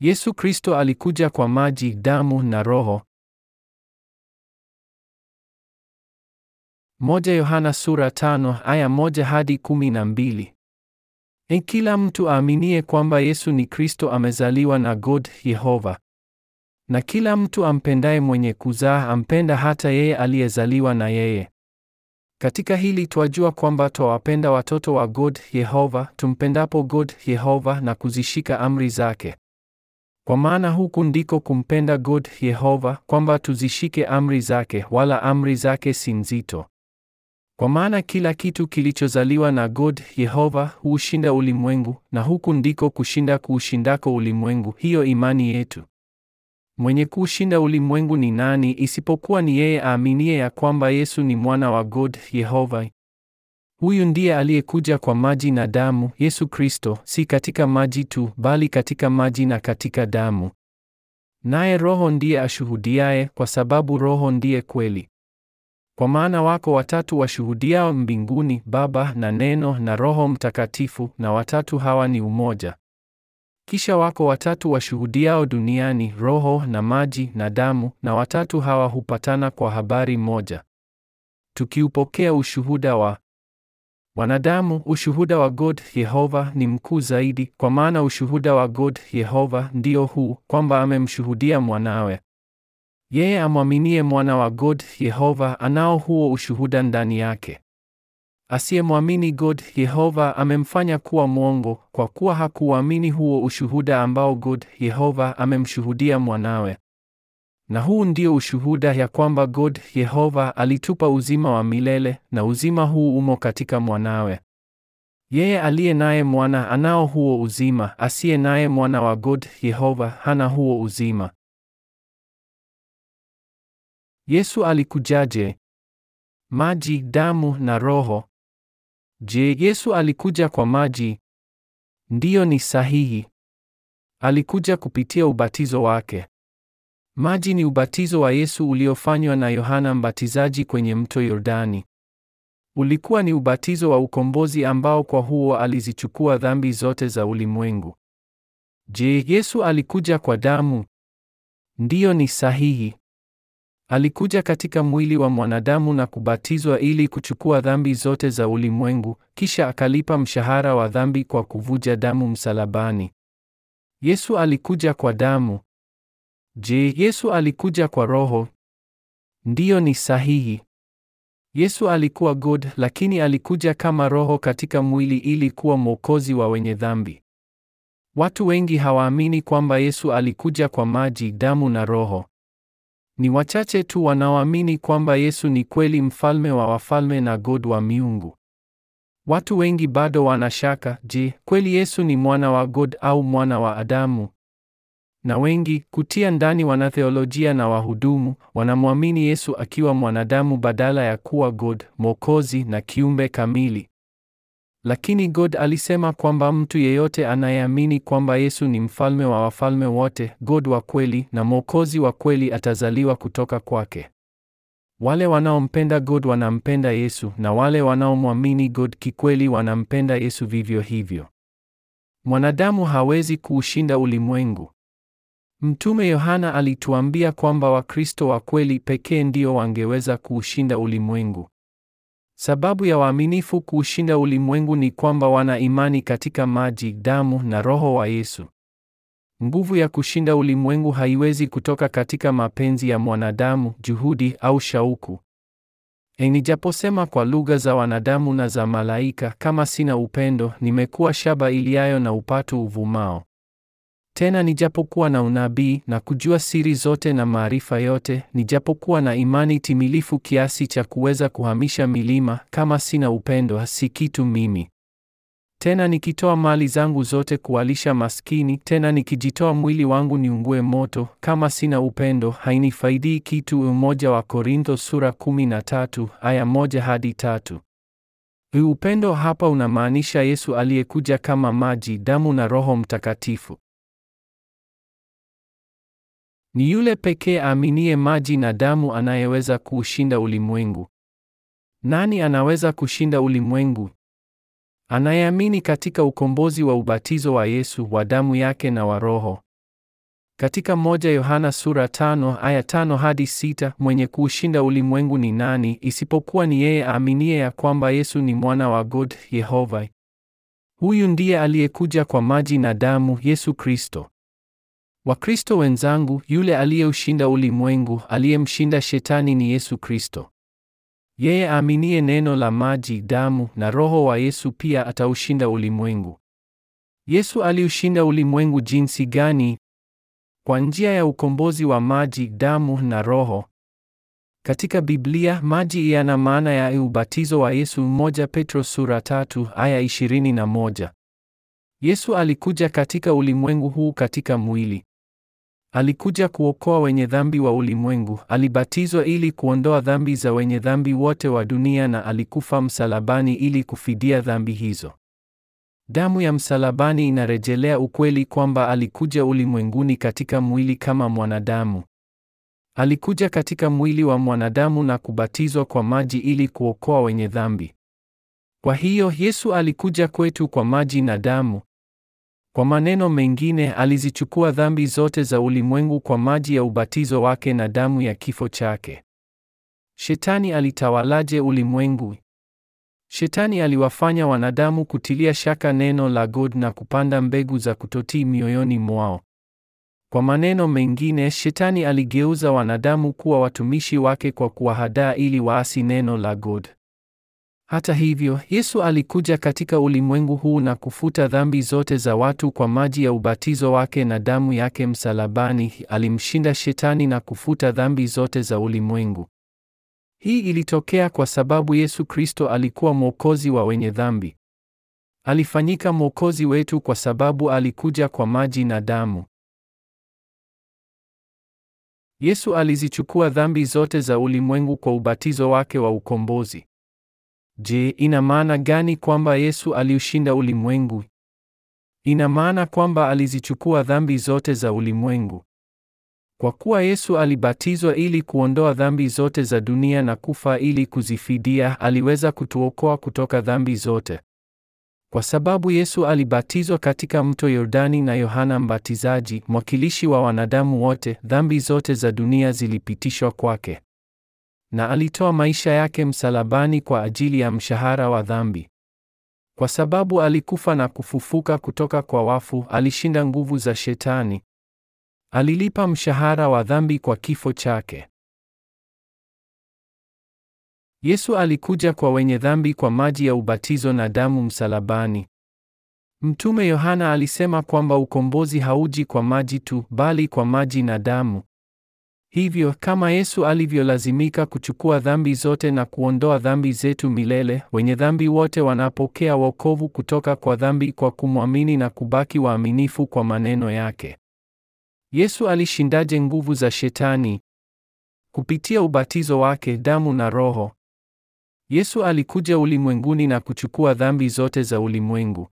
Yesu Kristo alikuja kwa maji, damu na Roho. Moja Yohana sura tano aya moja hadi kumi na mbili. E, kila mtu aaminie kwamba Yesu ni Kristo amezaliwa na God Yehova. Na kila mtu ampendaye mwenye kuzaa ampenda hata yeye aliyezaliwa na yeye. Katika hili twajua kwamba twawapenda watoto wa God Yehova tumpendapo God Yehova na kuzishika amri zake. Kwa maana huku ndiko kumpenda God Yehova, kwamba tuzishike amri zake, wala amri zake si nzito. Kwa maana kila kitu kilichozaliwa na God Yehova huushinda ulimwengu, na huku ndiko kushinda kuushindako ulimwengu, hiyo imani yetu. Mwenye kuushinda ulimwengu ni nani, isipokuwa ni yeye aaminiye ya kwamba Yesu ni mwana wa God Yehova? Huyu ndiye aliyekuja kwa maji na damu, Yesu Kristo, si katika maji tu, bali katika maji na katika damu. Naye Roho ndiye ashuhudiaye, kwa sababu Roho ndiye kweli. Kwa maana wako watatu washuhudiao mbinguni, Baba na Neno na Roho Mtakatifu, na watatu hawa ni umoja. Kisha wako watatu washuhudiao duniani, Roho na maji na damu, na watatu hawa hupatana kwa habari moja. Tukiupokea ushuhuda wa wanadamu, ushuhuda wa God Yehova ni mkuu zaidi, kwa maana ushuhuda wa God Yehova ndio huu, kwamba amemshuhudia mwanawe. Yeye amwaminie mwana wa God Yehova anao huo ushuhuda ndani yake. Asiyemwamini God Yehova amemfanya kuwa mwongo, kwa kuwa hakuamini huo ushuhuda ambao God Yehova amemshuhudia mwanawe. Na huu ndio ushuhuda ya kwamba God Yehova alitupa uzima wa milele na uzima huu umo katika mwanawe. Yeye aliye naye mwana anao huo uzima, asiye naye mwana wa God Yehova hana huo uzima. Yesu alikujaje? Maji, damu na roho. Je, Yesu alikuja kwa maji? Ndiyo, ni sahihi. Alikuja kupitia ubatizo wake. Maji ni ubatizo wa Yesu uliofanywa na Yohana Mbatizaji kwenye mto Yordani. Ulikuwa ni ubatizo wa ukombozi ambao kwa huo alizichukua dhambi zote za ulimwengu. Je, Yesu alikuja kwa damu? Ndiyo, ni sahihi. Alikuja katika mwili wa mwanadamu na kubatizwa ili kuchukua dhambi zote za ulimwengu, kisha akalipa mshahara wa dhambi kwa kuvuja damu msalabani. Yesu alikuja kwa damu. Je, Yesu alikuja kwa roho? Ndiyo, ni sahihi. Yesu alikuwa God, lakini alikuja kama roho katika mwili ili kuwa mwokozi wa wenye dhambi. Watu wengi hawaamini kwamba Yesu alikuja kwa maji, damu na roho. Ni wachache tu wanaoamini kwamba Yesu ni kweli mfalme wa wafalme na God wa miungu. Watu wengi bado wanashaka, je, kweli Yesu ni mwana wa God au mwana wa Adamu? na wengi kutia ndani wanatheolojia na wahudumu wanamwamini Yesu akiwa mwanadamu badala ya kuwa God, Mwokozi na kiumbe kamili. Lakini God alisema kwamba mtu yeyote anayeamini kwamba Yesu ni mfalme wa wafalme wote, God wa kweli na Mwokozi wa kweli atazaliwa kutoka kwake. Wale wanaompenda God wanampenda Yesu na wale wanaomwamini God kikweli wanampenda Yesu vivyo hivyo. Mwanadamu hawezi kuushinda ulimwengu. Mtume Yohana alituambia kwamba Wakristo wa kweli pekee ndio wangeweza kuushinda ulimwengu. Sababu ya waaminifu kuushinda ulimwengu ni kwamba wana imani katika maji, damu na roho wa Yesu. Nguvu ya kushinda ulimwengu haiwezi kutoka katika mapenzi ya mwanadamu, juhudi au shauku. E, nijaposema kwa lugha za wanadamu na za malaika, kama sina upendo, nimekuwa shaba iliayo na upatu uvumao. Tena nijapokuwa na unabii na kujua siri zote na maarifa yote, nijapokuwa na imani timilifu kiasi cha kuweza kuhamisha milima, kama sina upendo, si kitu mimi. Tena nikitoa mali zangu zote kuwalisha maskini, tena nikijitoa mwili wangu niungue moto, kama sina upendo hainifaidi kitu. Umoja wa Korintho sura 13 aya moja hadi tatu. Upendo hapa unamaanisha Yesu aliyekuja kama maji, damu na Roho Mtakatifu. Ni yule pekee aaminie maji na damu anayeweza kuushinda ulimwengu. Nani anaweza kushinda ulimwengu? Anayeamini katika ukombozi wa ubatizo wa Yesu, wa damu yake na wa Roho. Katika moja Yohana sura tano aya tano hadi sita mwenye kuushinda ulimwengu ni nani isipokuwa ni yeye aaminiye ya kwamba Yesu ni mwana wa God Yehova. Huyu ndiye aliyekuja kwa maji na damu, Yesu Kristo. Wakristo wenzangu, yule aliyeushinda ulimwengu, aliyemshinda shetani ni Yesu Kristo. Yeye aaminie neno la maji, damu na roho wa Yesu pia ataushinda ulimwengu. Yesu aliushinda ulimwengu jinsi gani? Kwa njia ya ukombozi wa maji, damu na roho. Katika Biblia, maji yana maana ya ubatizo wa Yesu, moja Petro sura tatu aya moja. Yesu alikuja katika ulimwengu huu katika mwili. Alikuja kuokoa wenye dhambi wa ulimwengu, alibatizwa ili kuondoa dhambi za wenye dhambi wote wa dunia na alikufa msalabani ili kufidia dhambi hizo. Damu ya msalabani inarejelea ukweli kwamba alikuja ulimwenguni katika mwili kama mwanadamu. Alikuja katika mwili wa mwanadamu na kubatizwa kwa maji ili kuokoa wenye dhambi. Kwa hiyo Yesu alikuja kwetu kwa maji na damu. Kwa maneno mengine, alizichukua dhambi zote za ulimwengu kwa maji ya ubatizo wake na damu ya kifo chake. Shetani alitawalaje ulimwengu? Shetani aliwafanya wanadamu kutilia shaka neno la God na kupanda mbegu za kutotii mioyoni mwao. Kwa maneno mengine, Shetani aligeuza wanadamu kuwa watumishi wake kwa kuwahadaa ili waasi neno la God. Hata hivyo, Yesu alikuja katika ulimwengu huu na kufuta dhambi zote za watu kwa maji ya ubatizo wake na damu yake msalabani. Alimshinda shetani na kufuta dhambi zote za ulimwengu. Hii ilitokea kwa sababu Yesu Kristo alikuwa mwokozi wa wenye dhambi. Alifanyika mwokozi wetu kwa sababu alikuja kwa maji na damu. Yesu alizichukua dhambi zote za ulimwengu kwa ubatizo wake wa ukombozi. Je, ina maana gani kwamba Yesu aliushinda ulimwengu? Ina maana kwamba alizichukua dhambi zote za ulimwengu. Kwa kuwa Yesu alibatizwa ili kuondoa dhambi zote za dunia na kufa ili kuzifidia, aliweza kutuokoa kutoka dhambi zote. Kwa sababu Yesu alibatizwa katika mto Yordani na Yohana Mbatizaji, mwakilishi wa wanadamu wote, dhambi zote za dunia zilipitishwa kwake na alitoa maisha yake msalabani kwa ajili ya mshahara wa dhambi. Kwa sababu alikufa na kufufuka kutoka kwa wafu, alishinda nguvu za Shetani. Alilipa mshahara wa dhambi kwa kifo chake. Yesu alikuja kwa wenye dhambi kwa maji ya ubatizo na damu msalabani. Mtume Yohana alisema kwamba ukombozi hauji kwa maji tu, bali kwa maji na damu. Hivyo kama Yesu alivyolazimika kuchukua dhambi zote na kuondoa dhambi zetu milele, wenye dhambi wote wanapokea wokovu kutoka kwa dhambi kwa kumwamini na kubaki waaminifu kwa maneno yake. Yesu alishindaje nguvu za Shetani? Kupitia ubatizo wake, damu na Roho. Yesu alikuja ulimwenguni na kuchukua dhambi zote za ulimwengu.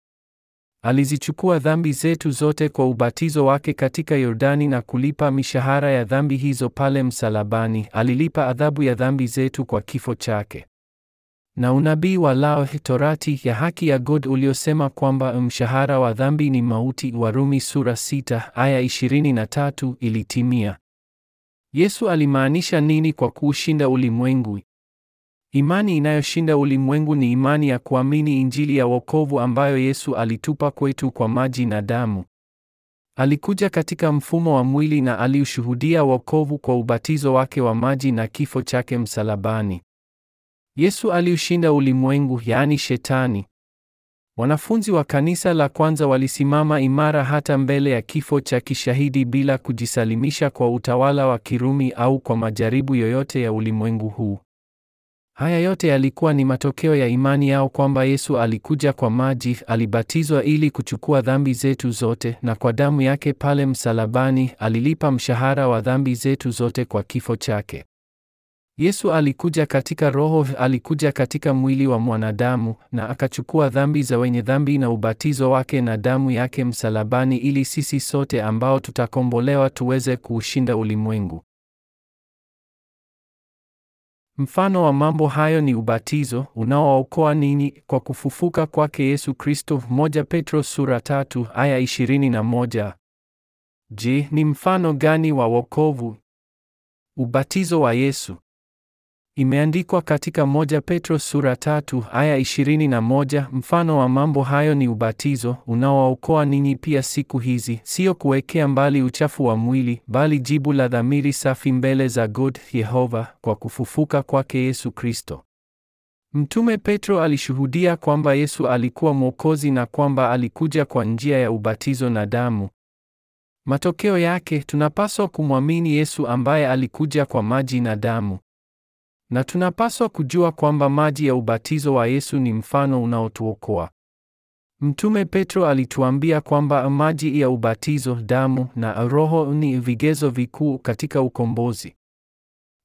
Alizichukua dhambi zetu zote kwa ubatizo wake katika Yordani na kulipa mishahara ya dhambi hizo pale msalabani. Alilipa adhabu ya dhambi zetu kwa kifo chake. Na unabii wa lao Torati ya haki ya God uliosema kwamba mshahara wa dhambi ni mauti, Warumi sura 6 aya 23, ilitimia. Yesu alimaanisha nini kwa kuushinda ulimwengu? Imani inayoshinda ulimwengu ni imani ya kuamini Injili ya wokovu ambayo Yesu alitupa kwetu kwa maji na damu. Alikuja katika mfumo wa mwili na aliushuhudia wokovu kwa ubatizo wake wa maji na kifo chake msalabani. Yesu aliushinda ulimwengu, yaani Shetani. Wanafunzi wa kanisa la kwanza walisimama imara hata mbele ya kifo cha kishahidi bila kujisalimisha kwa utawala wa Kirumi au kwa majaribu yoyote ya ulimwengu huu. Haya yote yalikuwa ni matokeo ya imani yao kwamba Yesu alikuja kwa maji, alibatizwa ili kuchukua dhambi zetu zote, na kwa damu yake pale msalabani alilipa mshahara wa dhambi zetu zote kwa kifo chake. Yesu alikuja katika roho, alikuja katika mwili wa mwanadamu na akachukua dhambi za wenye dhambi na ubatizo wake na damu yake msalabani ili sisi sote ambao tutakombolewa tuweze kuushinda ulimwengu. Mfano wa mambo hayo ni ubatizo unaowaokoa ninyi kwa kufufuka kwake Yesu Kristo, 1 Petro sura tatu aya ishirini na moja. Je, ni mfano gani wa wokovu? Ubatizo wa Yesu. Imeandikwa katika moja Petro sura tatu aya moja mfano wa mambo hayo ni ubatizo unaowaokoa ninyi pia siku hizi, sio kuwekea mbali uchafu wa mwili, bali jibu la dhamiri safi mbele za God Yehova kwa kufufuka kwake Yesu Kristo. Mtume Petro alishuhudia kwamba Yesu alikuwa Mwokozi na kwamba alikuja kwa njia ya ubatizo na damu. Matokeo yake tunapaswa kumwamini Yesu ambaye alikuja kwa maji na damu. Na tunapaswa kujua kwamba maji ya ubatizo wa Yesu ni mfano unaotuokoa. Mtume Petro alituambia kwamba maji ya ubatizo, damu na Roho ni vigezo vikuu katika ukombozi.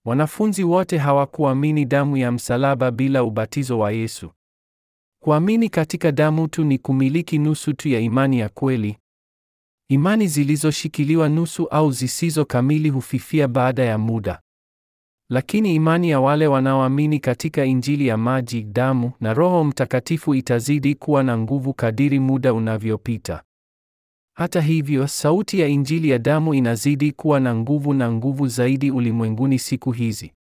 Wanafunzi wote hawakuamini damu ya msalaba bila ubatizo wa Yesu. Kuamini katika damu tu ni kumiliki nusu tu ya imani ya kweli. Imani zilizoshikiliwa nusu au zisizo kamili hufifia baada ya muda. Lakini imani ya wale wanaoamini katika Injili ya maji, damu na Roho Mtakatifu itazidi kuwa na nguvu kadiri muda unavyopita. Hata hivyo, sauti ya Injili ya damu inazidi kuwa na nguvu na nguvu zaidi ulimwenguni siku hizi.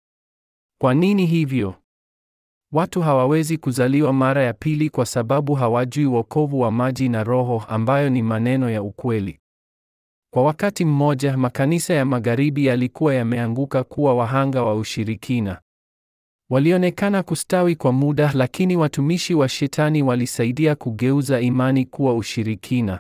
Kwa nini hivyo? Watu hawawezi kuzaliwa mara ya pili kwa sababu hawajui wokovu wa maji na Roho ambayo ni maneno ya ukweli. Kwa wakati mmoja, makanisa ya magharibi yalikuwa yameanguka kuwa wahanga wa ushirikina. Walionekana kustawi kwa muda, lakini watumishi wa shetani walisaidia kugeuza imani kuwa ushirikina.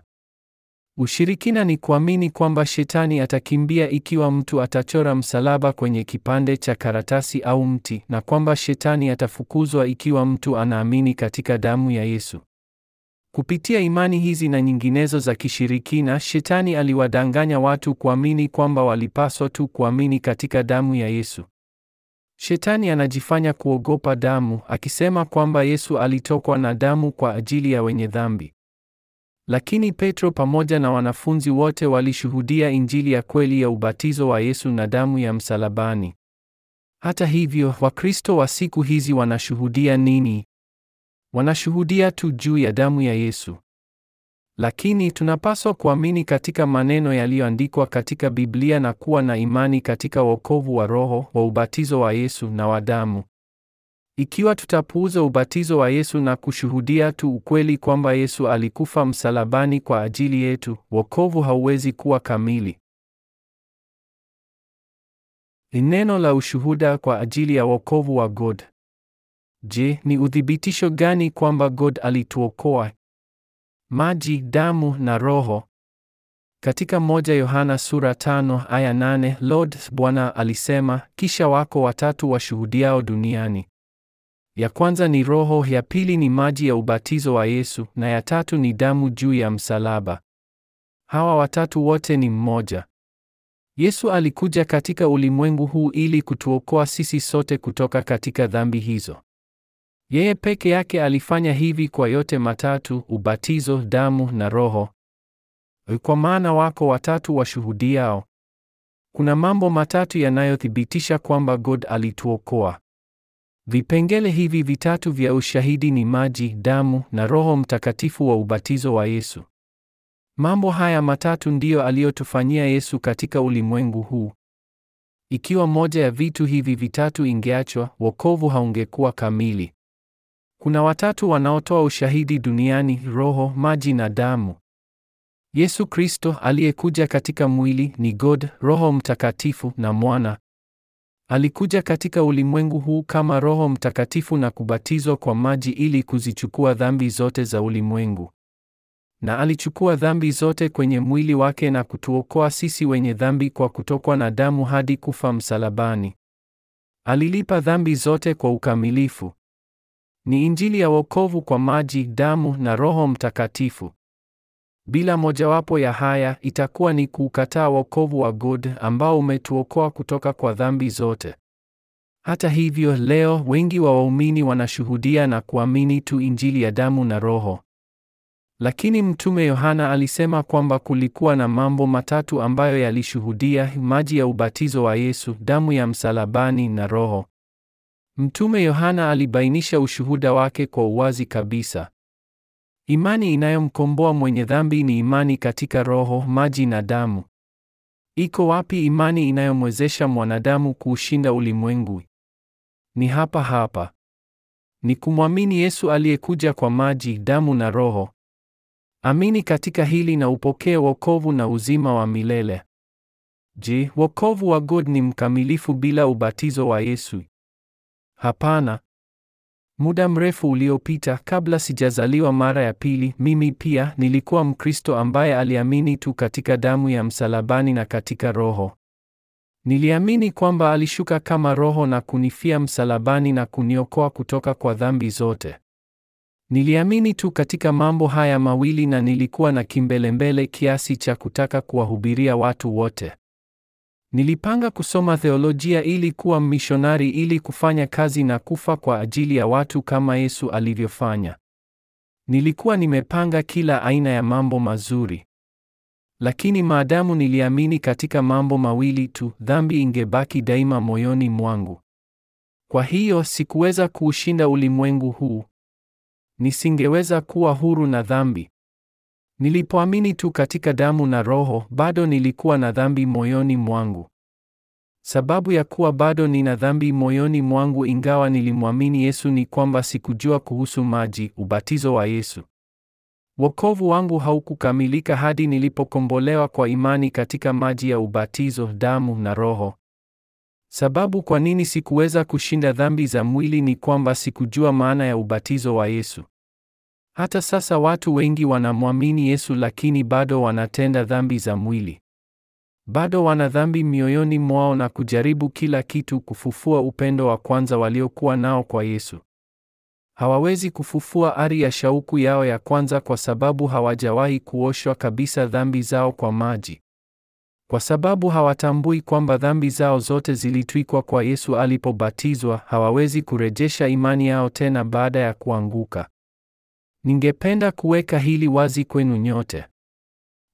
Ushirikina ni kuamini kwamba shetani atakimbia ikiwa mtu atachora msalaba kwenye kipande cha karatasi au mti, na kwamba shetani atafukuzwa ikiwa mtu anaamini katika damu ya Yesu. Kupitia imani hizi na nyinginezo za kishirikina, Shetani aliwadanganya watu kuamini kwamba walipaswa tu kuamini katika damu ya Yesu. Shetani anajifanya kuogopa damu, akisema kwamba Yesu alitokwa na damu kwa ajili ya wenye dhambi. Lakini Petro pamoja na wanafunzi wote walishuhudia injili ya kweli ya ubatizo wa Yesu na damu ya msalabani. Hata hivyo, Wakristo wa siku hizi wanashuhudia nini? wanashuhudia tu juu ya damu ya Yesu. Lakini tunapaswa kuamini katika maneno yaliyoandikwa katika Biblia na kuwa na imani katika wokovu wa roho, wa ubatizo wa Yesu na wa damu. Ikiwa tutapuuza ubatizo wa Yesu na kushuhudia tu ukweli kwamba Yesu alikufa msalabani kwa ajili yetu, wokovu hauwezi kuwa kamili. Ni neno la ushuhuda kwa ajili ya wokovu wa God. Je, ni uthibitisho gani kwamba God alituokoa? Maji, damu na roho. Katika moja Yohana sura tano aya nane Lord Bwana alisema, kisha wako watatu washuhudiao duniani. Ya kwanza ni roho, ya pili ni maji ya ubatizo wa Yesu, na ya tatu ni damu juu ya msalaba. Hawa watatu wote ni mmoja. Yesu alikuja katika ulimwengu huu ili kutuokoa sisi sote kutoka katika dhambi hizo. Yeye peke yake alifanya hivi kwa yote matatu: ubatizo, damu na Roho. Kwa maana wako watatu washuhudiao. Kuna mambo matatu yanayothibitisha kwamba God alituokoa. Vipengele hivi vitatu vya ushahidi ni maji, damu na Roho Mtakatifu wa ubatizo wa Yesu. Mambo haya matatu ndiyo aliyotufanyia Yesu katika ulimwengu huu. Ikiwa moja ya vitu hivi vitatu ingeachwa, wokovu haungekuwa kamili. Kuna watatu wanaotoa ushahidi duniani: roho, maji na damu. Yesu Kristo aliyekuja katika mwili ni God, Roho Mtakatifu na Mwana. Alikuja katika ulimwengu huu kama Roho Mtakatifu na kubatizwa kwa maji ili kuzichukua dhambi zote za ulimwengu. Na alichukua dhambi zote kwenye mwili wake na kutuokoa sisi wenye dhambi kwa kutokwa na damu hadi kufa msalabani. Alilipa dhambi zote kwa ukamilifu. Ni injili ya wokovu kwa maji, damu na Roho Mtakatifu. Bila mojawapo ya haya, itakuwa ni kuukataa wokovu wa God ambao umetuokoa kutoka kwa dhambi zote. Hata hivyo, leo wengi wa waumini wanashuhudia na kuamini tu injili ya damu na Roho. Lakini Mtume Yohana alisema kwamba kulikuwa na mambo matatu ambayo yalishuhudia: maji ya ubatizo wa Yesu, damu ya msalabani na Roho. Mtume Yohana alibainisha ushuhuda wake kwa uwazi kabisa. Imani inayomkomboa mwenye dhambi ni imani katika roho, maji na damu. Iko wapi imani inayomwezesha mwanadamu kuushinda ulimwengu? Ni hapa hapa. Ni kumwamini Yesu aliyekuja kwa maji, damu na roho. Amini katika hili na upokee wokovu na uzima wa milele. Je, wokovu wa God ni mkamilifu bila ubatizo wa Yesu? Hapana. Muda mrefu uliopita, kabla sijazaliwa mara ya pili, mimi pia nilikuwa Mkristo ambaye aliamini tu katika damu ya msalabani na katika Roho. Niliamini kwamba alishuka kama Roho na kunifia msalabani na kuniokoa kutoka kwa dhambi zote. Niliamini tu katika mambo haya mawili na nilikuwa na kimbelembele kiasi cha kutaka kuwahubiria watu wote. Nilipanga kusoma theolojia ili kuwa mmishonari ili kufanya kazi na kufa kwa ajili ya watu kama Yesu alivyofanya. Nilikuwa nimepanga kila aina ya mambo mazuri. Lakini maadamu niliamini katika mambo mawili tu, dhambi ingebaki daima moyoni mwangu. Kwa hiyo sikuweza kuushinda ulimwengu huu. Nisingeweza kuwa huru na dhambi. Nilipoamini tu katika damu na Roho, bado nilikuwa na dhambi moyoni mwangu. Sababu ya kuwa bado nina dhambi moyoni mwangu ingawa nilimwamini Yesu ni kwamba sikujua kuhusu maji, ubatizo wa Yesu. Wokovu wangu haukukamilika hadi nilipokombolewa kwa imani katika maji ya ubatizo, damu na Roho. Sababu kwa nini sikuweza kushinda dhambi za mwili ni kwamba sikujua maana ya ubatizo wa Yesu. Hata sasa watu wengi wanamwamini Yesu lakini bado wanatenda dhambi za mwili. Bado wana dhambi mioyoni mwao na kujaribu kila kitu kufufua upendo wa kwanza waliokuwa nao kwa Yesu. Hawawezi kufufua ari ya shauku yao ya kwanza kwa sababu hawajawahi kuoshwa kabisa dhambi zao kwa maji. Kwa sababu hawatambui kwamba dhambi zao zote zilitwikwa kwa Yesu alipobatizwa, hawawezi kurejesha imani yao tena baada ya kuanguka. Ningependa kuweka hili wazi kwenu nyote.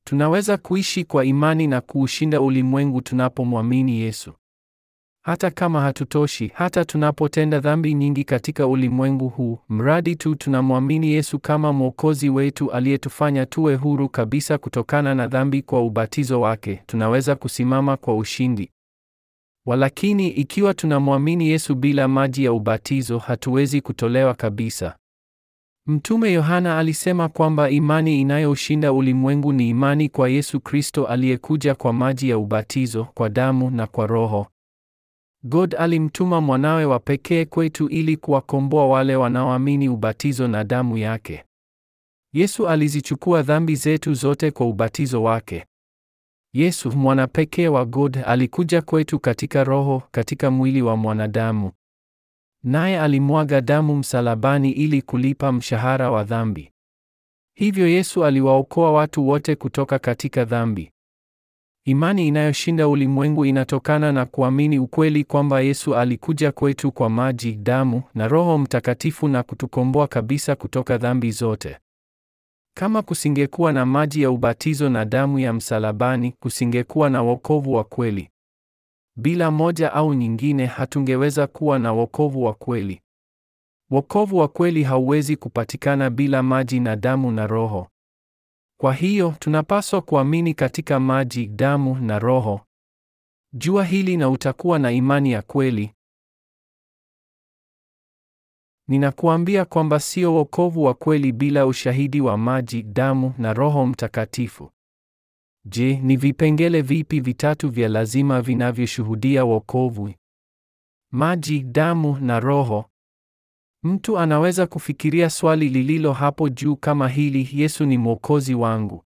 Tunaweza kuishi kwa imani na kuushinda ulimwengu tunapomwamini Yesu. Hata kama hatutoshi, hata tunapotenda dhambi nyingi katika ulimwengu huu, mradi tu tunamwamini Yesu kama Mwokozi wetu aliyetufanya tuwe huru kabisa kutokana na dhambi kwa ubatizo wake, tunaweza kusimama kwa ushindi. Walakini, ikiwa tunamwamini Yesu bila maji ya ubatizo, hatuwezi kutolewa kabisa. Mtume Yohana alisema kwamba imani inayoshinda ulimwengu ni imani kwa Yesu Kristo aliyekuja kwa maji ya ubatizo, kwa damu na kwa Roho. God alimtuma mwanawe wa pekee kwetu ili kuwakomboa wale wanaoamini ubatizo na damu yake. Yesu alizichukua dhambi zetu zote kwa ubatizo wake. Yesu mwana pekee wa God alikuja kwetu katika roho, katika mwili wa mwanadamu naye alimwaga damu msalabani ili kulipa mshahara wa dhambi. Hivyo Yesu aliwaokoa watu wote kutoka katika dhambi. Imani inayoshinda ulimwengu inatokana na kuamini ukweli kwamba Yesu alikuja kwetu kwa maji, damu na Roho Mtakatifu na kutukomboa kabisa kutoka dhambi zote. Kama kusingekuwa na maji ya ubatizo na damu ya msalabani, kusingekuwa na wokovu wa kweli. Bila moja au nyingine hatungeweza kuwa na wokovu wa kweli. Wokovu wa kweli hauwezi kupatikana bila maji na damu na Roho. Kwa hiyo tunapaswa kuamini katika maji, damu na Roho. Jua hili na utakuwa na imani ya kweli. Ninakuambia kwamba sio wokovu wa kweli bila ushahidi wa maji, damu na Roho Mtakatifu. Je, ni vipengele vipi vitatu vya lazima vinavyoshuhudia wokovu? Maji, damu na roho. Mtu anaweza kufikiria swali lililo hapo juu kama hili, Yesu ni mwokozi wangu.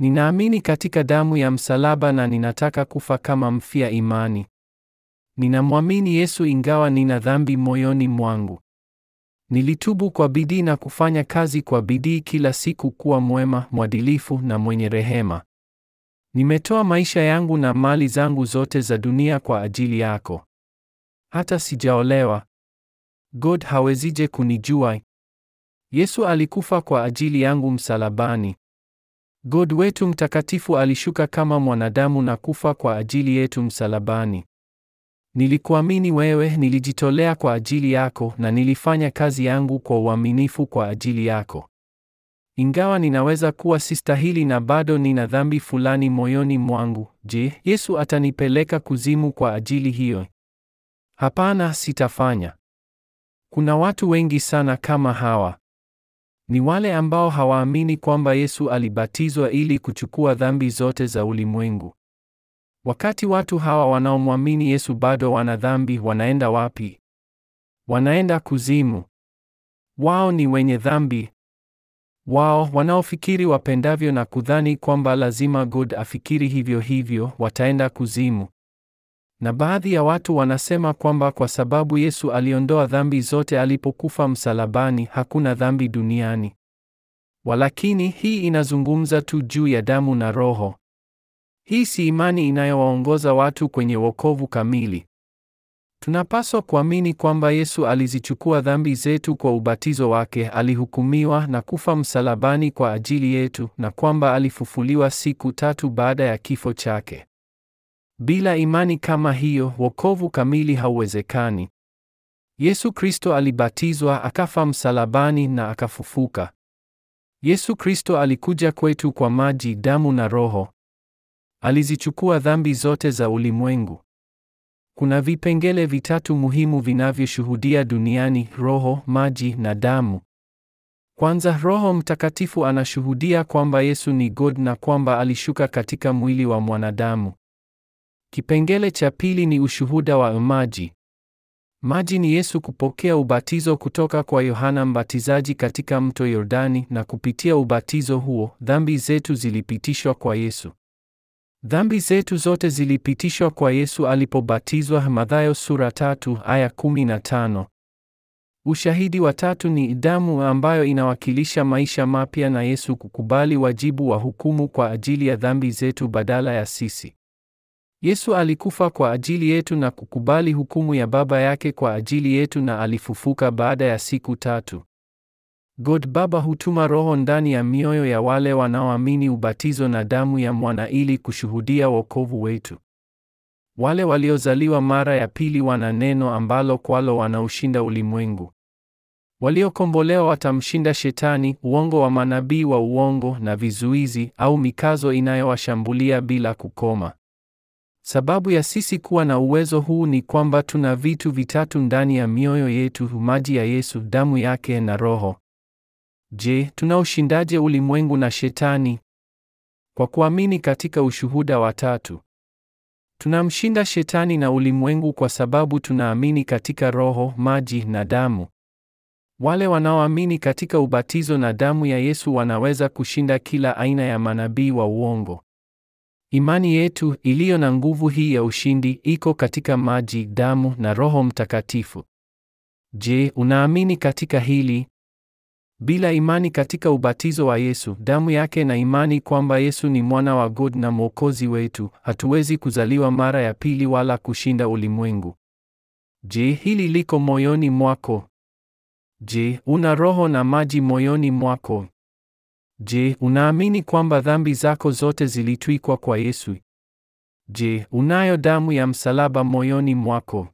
Ninaamini katika damu ya msalaba na ninataka kufa kama mfia imani. Ninamwamini Yesu ingawa nina dhambi moyoni mwangu. Nilitubu kwa bidii na kufanya kazi kwa bidii kila siku kuwa mwema, mwadilifu na mwenye rehema. Nimetoa maisha yangu na mali zangu zote za dunia kwa ajili yako. Hata sijaolewa. God hawezije kunijua? Yesu alikufa kwa ajili yangu msalabani. God wetu mtakatifu alishuka kama mwanadamu na kufa kwa ajili yetu msalabani. Nilikuamini wewe, nilijitolea kwa ajili yako na nilifanya kazi yangu kwa uaminifu kwa ajili yako. Ingawa ninaweza kuwa sistahili na bado nina dhambi fulani moyoni mwangu, je, Yesu atanipeleka kuzimu kwa ajili hiyo? Hapana, sitafanya. Kuna watu wengi sana kama hawa. Ni wale ambao hawaamini kwamba Yesu alibatizwa ili kuchukua dhambi zote za ulimwengu. Wakati watu hawa wanaomwamini Yesu bado wana dhambi, wanaenda wapi? Wanaenda kuzimu. Wao ni wenye dhambi wao wanaofikiri wapendavyo na kudhani kwamba lazima God afikiri hivyo hivyo wataenda kuzimu. Na baadhi ya watu wanasema kwamba kwa sababu Yesu aliondoa dhambi zote alipokufa msalabani, hakuna dhambi duniani. Walakini hii inazungumza tu juu ya damu na roho. Hii si imani inayowaongoza watu kwenye wokovu kamili. Tunapaswa kuamini kwamba Yesu alizichukua dhambi zetu kwa ubatizo wake, alihukumiwa na kufa msalabani kwa ajili yetu, na kwamba alifufuliwa siku tatu baada ya kifo chake. Bila imani kama hiyo, wokovu kamili hauwezekani. Yesu Kristo alibatizwa, akafa msalabani na akafufuka. Yesu Kristo alikuja kwetu kwa maji, damu na Roho. Alizichukua dhambi zote za ulimwengu. Kuna vipengele vitatu muhimu vinavyoshuhudia duniani: roho, maji na damu. Kwanza, Roho Mtakatifu anashuhudia kwamba Yesu ni God na kwamba alishuka katika mwili wa mwanadamu. Kipengele cha pili ni ushuhuda wa maji. Maji ni Yesu kupokea ubatizo kutoka kwa Yohana Mbatizaji katika mto Yordani na kupitia ubatizo huo dhambi zetu zilipitishwa kwa Yesu. Dhambi zetu zote zilipitishwa kwa Yesu alipobatizwa, Mathayo sura tatu aya tano. Ushahidi wa tatu ni damu ambayo inawakilisha maisha mapya na Yesu kukubali wajibu wa hukumu kwa ajili ya dhambi zetu badala ya sisi. Yesu alikufa kwa ajili yetu na kukubali hukumu ya Baba yake kwa ajili yetu na alifufuka baada ya siku tatu. God Baba hutuma Roho ndani ya mioyo ya wale wanaoamini ubatizo na damu ya mwana ili kushuhudia wokovu wetu. Wale waliozaliwa mara ya pili wana neno ambalo kwalo wanaushinda ulimwengu. Waliokombolewa watamshinda Shetani, uongo wa manabii wa uongo na vizuizi au mikazo inayowashambulia bila kukoma. Sababu ya sisi kuwa na uwezo huu ni kwamba tuna vitu vitatu ndani ya mioyo yetu: maji ya Yesu, damu yake na Roho. Je, tunaushindaje ulimwengu na Shetani? Kwa kuamini katika ushuhuda wa tatu. Tunamshinda Shetani na ulimwengu kwa sababu tunaamini katika roho, maji na damu. Wale wanaoamini katika ubatizo na damu ya Yesu wanaweza kushinda kila aina ya manabii wa uongo. Imani yetu iliyo na nguvu hii ya ushindi iko katika maji, damu na Roho Mtakatifu. Je, unaamini katika hili? Bila imani katika ubatizo wa Yesu, damu yake na imani kwamba Yesu ni mwana wa God na mwokozi wetu, hatuwezi kuzaliwa mara ya pili wala kushinda ulimwengu. Je, hili liko moyoni mwako? Je, una roho na maji moyoni mwako? Je, unaamini kwamba dhambi zako zote zilitwikwa kwa Yesu? Je, unayo damu ya msalaba moyoni mwako?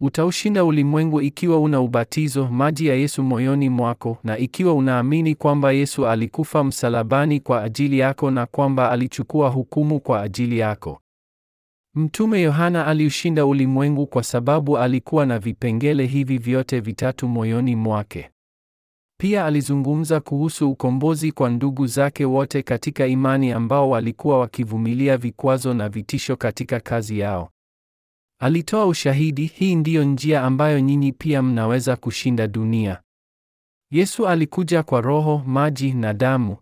Utaushinda ulimwengu ikiwa una ubatizo maji ya Yesu moyoni mwako na ikiwa unaamini kwamba Yesu alikufa msalabani kwa ajili yako na kwamba alichukua hukumu kwa ajili yako. Mtume Yohana aliushinda ulimwengu kwa sababu alikuwa na vipengele hivi vyote vitatu moyoni mwake. Pia alizungumza kuhusu ukombozi kwa ndugu zake wote katika imani ambao walikuwa wakivumilia vikwazo na vitisho katika kazi yao. Alitoa ushahidi, hii ndiyo njia ambayo nyinyi pia mnaweza kushinda dunia. Yesu alikuja kwa roho, maji na damu.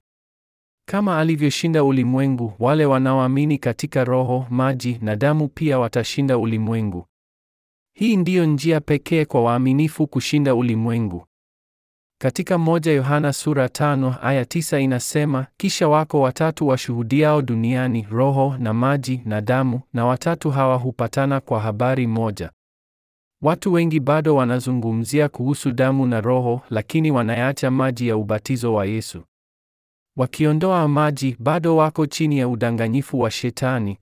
Kama alivyoshinda ulimwengu, wale wanaoamini katika roho, maji na damu pia watashinda ulimwengu. Hii ndiyo njia pekee kwa waaminifu kushinda ulimwengu. Katika moja Yohana sura tano aya tisa inasema, kisha wako watatu washuhudiao duniani, roho na maji na damu, na watatu hawa hupatana kwa habari moja. Watu wengi bado wanazungumzia kuhusu damu na roho, lakini wanayaacha maji ya ubatizo wa Yesu. Wakiondoa maji, bado wako chini ya udanganyifu wa Shetani.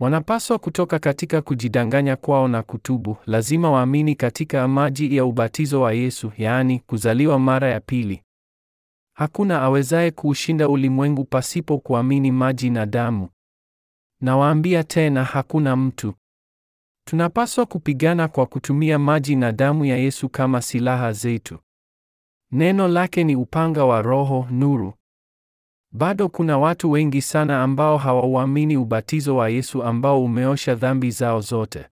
Wanapaswa kutoka katika kujidanganya kwao na kutubu, lazima waamini katika maji ya ubatizo wa Yesu, yaani kuzaliwa mara ya pili. Hakuna awezaye kuushinda ulimwengu pasipo kuamini maji na damu. Nawaambia tena hakuna mtu. Tunapaswa kupigana kwa kutumia maji na damu ya Yesu kama silaha zetu. Neno lake ni upanga wa roho, nuru bado kuna watu wengi sana ambao hawauamini ubatizo wa Yesu ambao umeosha dhambi zao zote.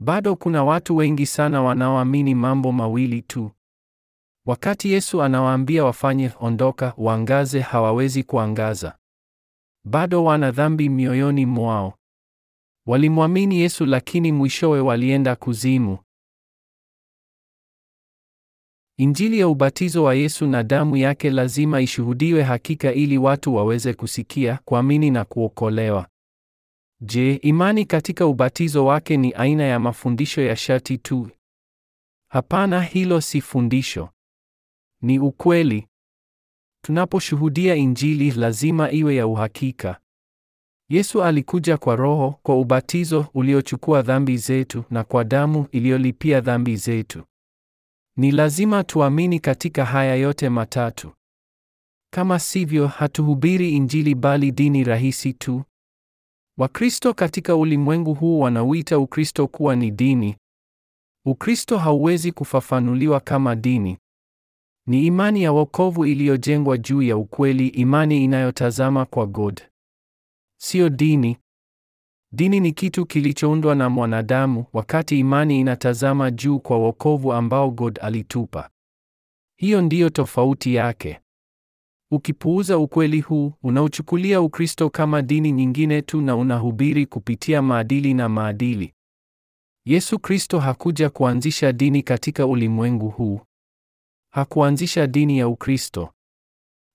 Bado kuna watu wengi sana wanaoamini mambo mawili tu. Wakati Yesu anawaambia wafanye ondoka, waangaze, hawawezi kuangaza. Bado wana dhambi mioyoni mwao. Walimwamini Yesu lakini mwishowe walienda kuzimu. Injili ya ubatizo wa Yesu na damu yake lazima ishuhudiwe hakika ili watu waweze kusikia, kuamini na kuokolewa. Je, imani katika ubatizo wake ni aina ya mafundisho ya shati tu? Hapana, hilo si fundisho. Ni ukweli. Tunaposhuhudia Injili lazima iwe ya uhakika. Yesu alikuja kwa Roho, kwa ubatizo uliochukua dhambi zetu na kwa damu iliyolipia dhambi zetu. Ni lazima tuamini katika haya yote matatu. Kama sivyo, hatuhubiri Injili bali dini rahisi tu. Wakristo katika ulimwengu huu wanauita Ukristo kuwa ni dini. Ukristo hauwezi kufafanuliwa kama dini. Ni imani ya wokovu iliyojengwa juu ya ukweli, imani inayotazama kwa God. Sio dini. Dini ni kitu kilichoundwa na mwanadamu, wakati imani inatazama juu kwa wokovu ambao God alitupa. Hiyo ndiyo tofauti yake. Ukipuuza ukweli huu, unauchukulia Ukristo kama dini nyingine tu na unahubiri kupitia maadili na maadili. Yesu Kristo hakuja kuanzisha dini katika ulimwengu huu. Hakuanzisha dini ya Ukristo.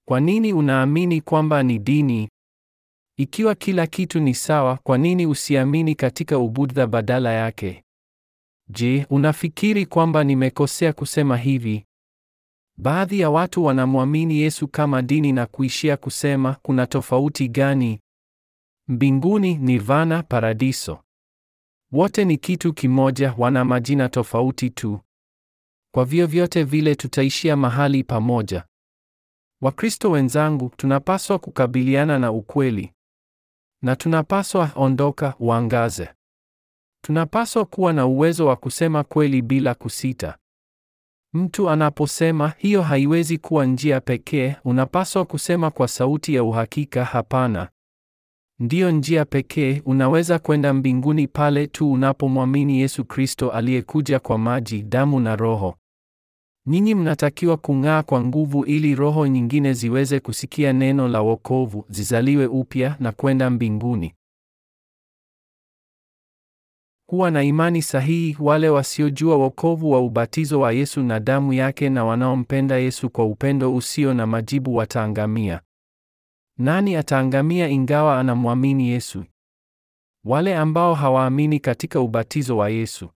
Kwa nini unaamini kwamba ni dini? Ikiwa kila kitu ni sawa, kwa nini usiamini katika Ubudha badala yake? Je, unafikiri kwamba nimekosea kusema hivi? Baadhi ya watu wanamwamini Yesu kama dini na kuishia kusema kuna tofauti gani? Mbinguni, nirvana, paradiso. Wote ni kitu kimoja, wana majina tofauti tu. Kwa vyovyote vile tutaishia mahali pamoja. Wakristo wenzangu, tunapaswa kukabiliana na ukweli na tunapaswa ondoka uangaze. Tunapaswa kuwa na uwezo wa kusema kweli bila kusita. Mtu anaposema hiyo haiwezi kuwa njia pekee, unapaswa kusema kwa sauti ya uhakika, hapana, ndiyo njia pekee. Unaweza kwenda mbinguni pale tu unapomwamini Yesu Kristo aliyekuja kwa maji, damu na Roho. Ninyi mnatakiwa kung'aa kwa nguvu ili roho nyingine ziweze kusikia neno la wokovu, zizaliwe upya na kwenda mbinguni. Kuwa na imani sahihi wale wasiojua wokovu wa ubatizo wa Yesu na damu yake na wanaompenda Yesu kwa upendo usio na majibu wataangamia. Nani ataangamia ingawa anamwamini Yesu? Wale ambao hawaamini katika ubatizo wa Yesu.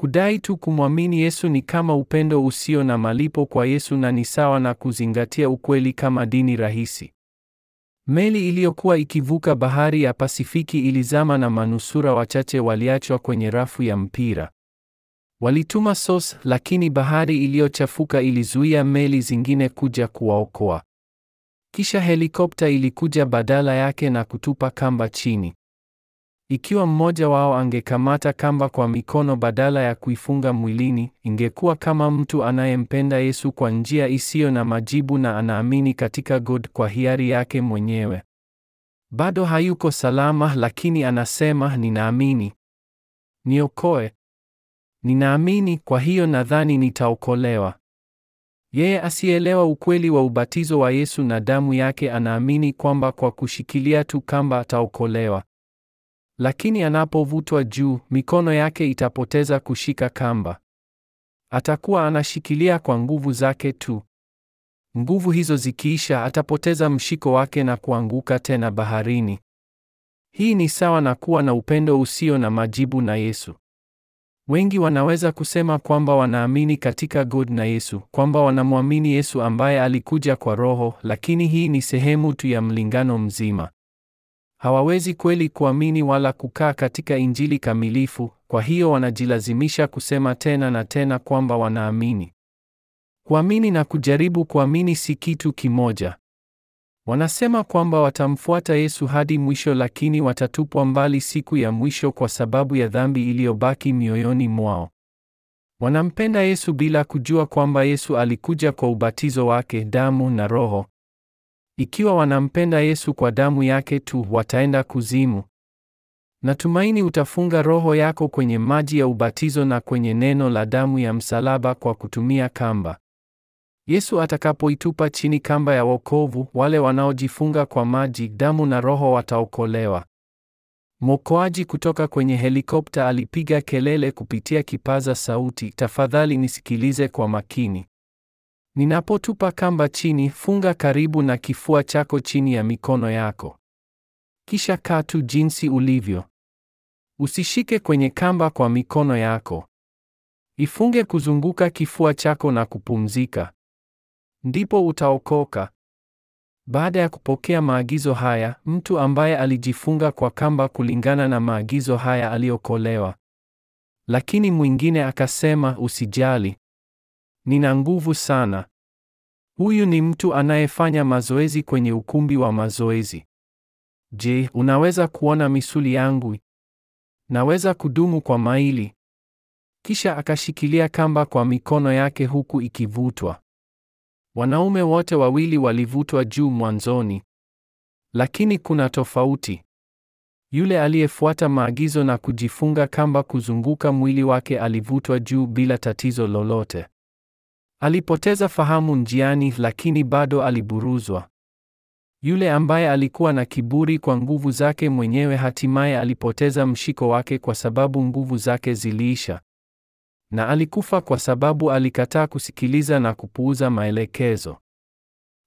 Kudai tu kumwamini Yesu ni kama upendo usio na malipo kwa Yesu na ni sawa na kuzingatia ukweli kama dini rahisi. Meli iliyokuwa ikivuka bahari ya Pasifiki ilizama na manusura wachache waliachwa kwenye rafu ya mpira. Walituma SOS lakini bahari iliyochafuka ilizuia meli zingine kuja kuwaokoa. Kisha helikopta ilikuja badala yake na kutupa kamba chini. Ikiwa mmoja wao angekamata kamba kwa mikono badala ya kuifunga mwilini, ingekuwa kama mtu anayempenda Yesu kwa njia isiyo na majibu na anaamini katika God kwa hiari yake mwenyewe. Bado hayuko salama, lakini anasema ninaamini, niokoe. Ninaamini, kwa hiyo nadhani nitaokolewa. Yeye asielewa ukweli wa ubatizo wa Yesu na damu yake anaamini kwamba kwa kushikilia tu kamba ataokolewa. Lakini anapovutwa juu, mikono yake itapoteza kushika kamba. Atakuwa anashikilia kwa nguvu zake tu. Nguvu hizo zikiisha, atapoteza mshiko wake na kuanguka tena baharini. Hii ni sawa na kuwa na upendo usio na majibu na Yesu. Wengi wanaweza kusema kwamba wanaamini katika God na Yesu, kwamba wanamwamini Yesu ambaye alikuja kwa Roho, lakini hii ni sehemu tu ya mlingano mzima. Hawawezi kweli kuamini wala kukaa katika Injili kamilifu, kwa hiyo wanajilazimisha kusema tena na tena kwamba wanaamini. Kuamini na kujaribu kuamini si kitu kimoja. Wanasema kwamba watamfuata Yesu hadi mwisho lakini watatupwa mbali siku ya mwisho kwa sababu ya dhambi iliyobaki mioyoni mwao. Wanampenda Yesu bila kujua kwamba Yesu alikuja kwa ubatizo wake, damu na roho ikiwa wanampenda Yesu kwa damu yake tu, wataenda kuzimu. Natumaini utafunga roho yako kwenye maji ya ubatizo na kwenye neno la damu ya msalaba kwa kutumia kamba. Yesu atakapoitupa chini kamba ya wokovu, wale wanaojifunga kwa maji, damu na roho wataokolewa. Mwokoaji kutoka kwenye helikopta alipiga kelele kupitia kipaza sauti, tafadhali nisikilize kwa makini. Ninapotupa kamba chini, funga karibu na kifua chako chini ya mikono yako. Kisha kaa tu jinsi ulivyo. Usishike kwenye kamba kwa mikono yako. Ifunge kuzunguka kifua chako na kupumzika. Ndipo utaokoka. Baada ya kupokea maagizo haya, mtu ambaye alijifunga kwa kamba kulingana na maagizo haya aliokolewa. Lakini mwingine akasema, usijali. Nina nguvu sana. Huyu ni mtu anayefanya mazoezi kwenye ukumbi wa mazoezi. Je, unaweza kuona misuli yangu? Naweza kudumu kwa maili. Kisha akashikilia kamba kwa mikono yake huku ikivutwa. Wanaume wote wawili walivutwa juu mwanzoni. Lakini kuna tofauti. Yule aliyefuata maagizo na kujifunga kamba kuzunguka mwili wake alivutwa juu bila tatizo lolote. Alipoteza fahamu njiani, lakini bado aliburuzwa. Yule ambaye alikuwa na kiburi kwa nguvu zake mwenyewe hatimaye alipoteza mshiko wake kwa sababu nguvu zake ziliisha. Na alikufa kwa sababu alikataa kusikiliza na kupuuza maelekezo.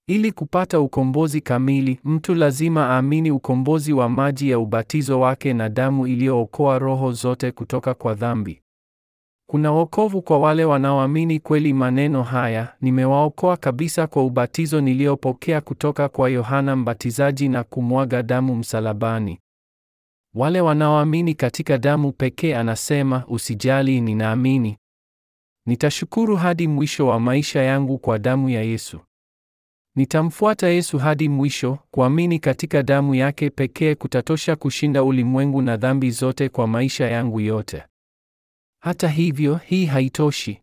Ili kupata ukombozi kamili, mtu lazima aamini ukombozi wa maji ya ubatizo wake na damu iliyookoa roho zote kutoka kwa dhambi. Kuna wokovu kwa wale wanaoamini kweli maneno haya, nimewaokoa kabisa kwa ubatizo niliopokea kutoka kwa Yohana Mbatizaji na kumwaga damu msalabani. Wale wanaoamini katika damu pekee anasema, usijali, ninaamini. Nitashukuru hadi mwisho wa maisha yangu kwa damu ya Yesu. Nitamfuata Yesu hadi mwisho, kuamini katika damu yake pekee kutatosha kushinda ulimwengu na dhambi zote kwa maisha yangu yote. Hata hivyo, hii haitoshi.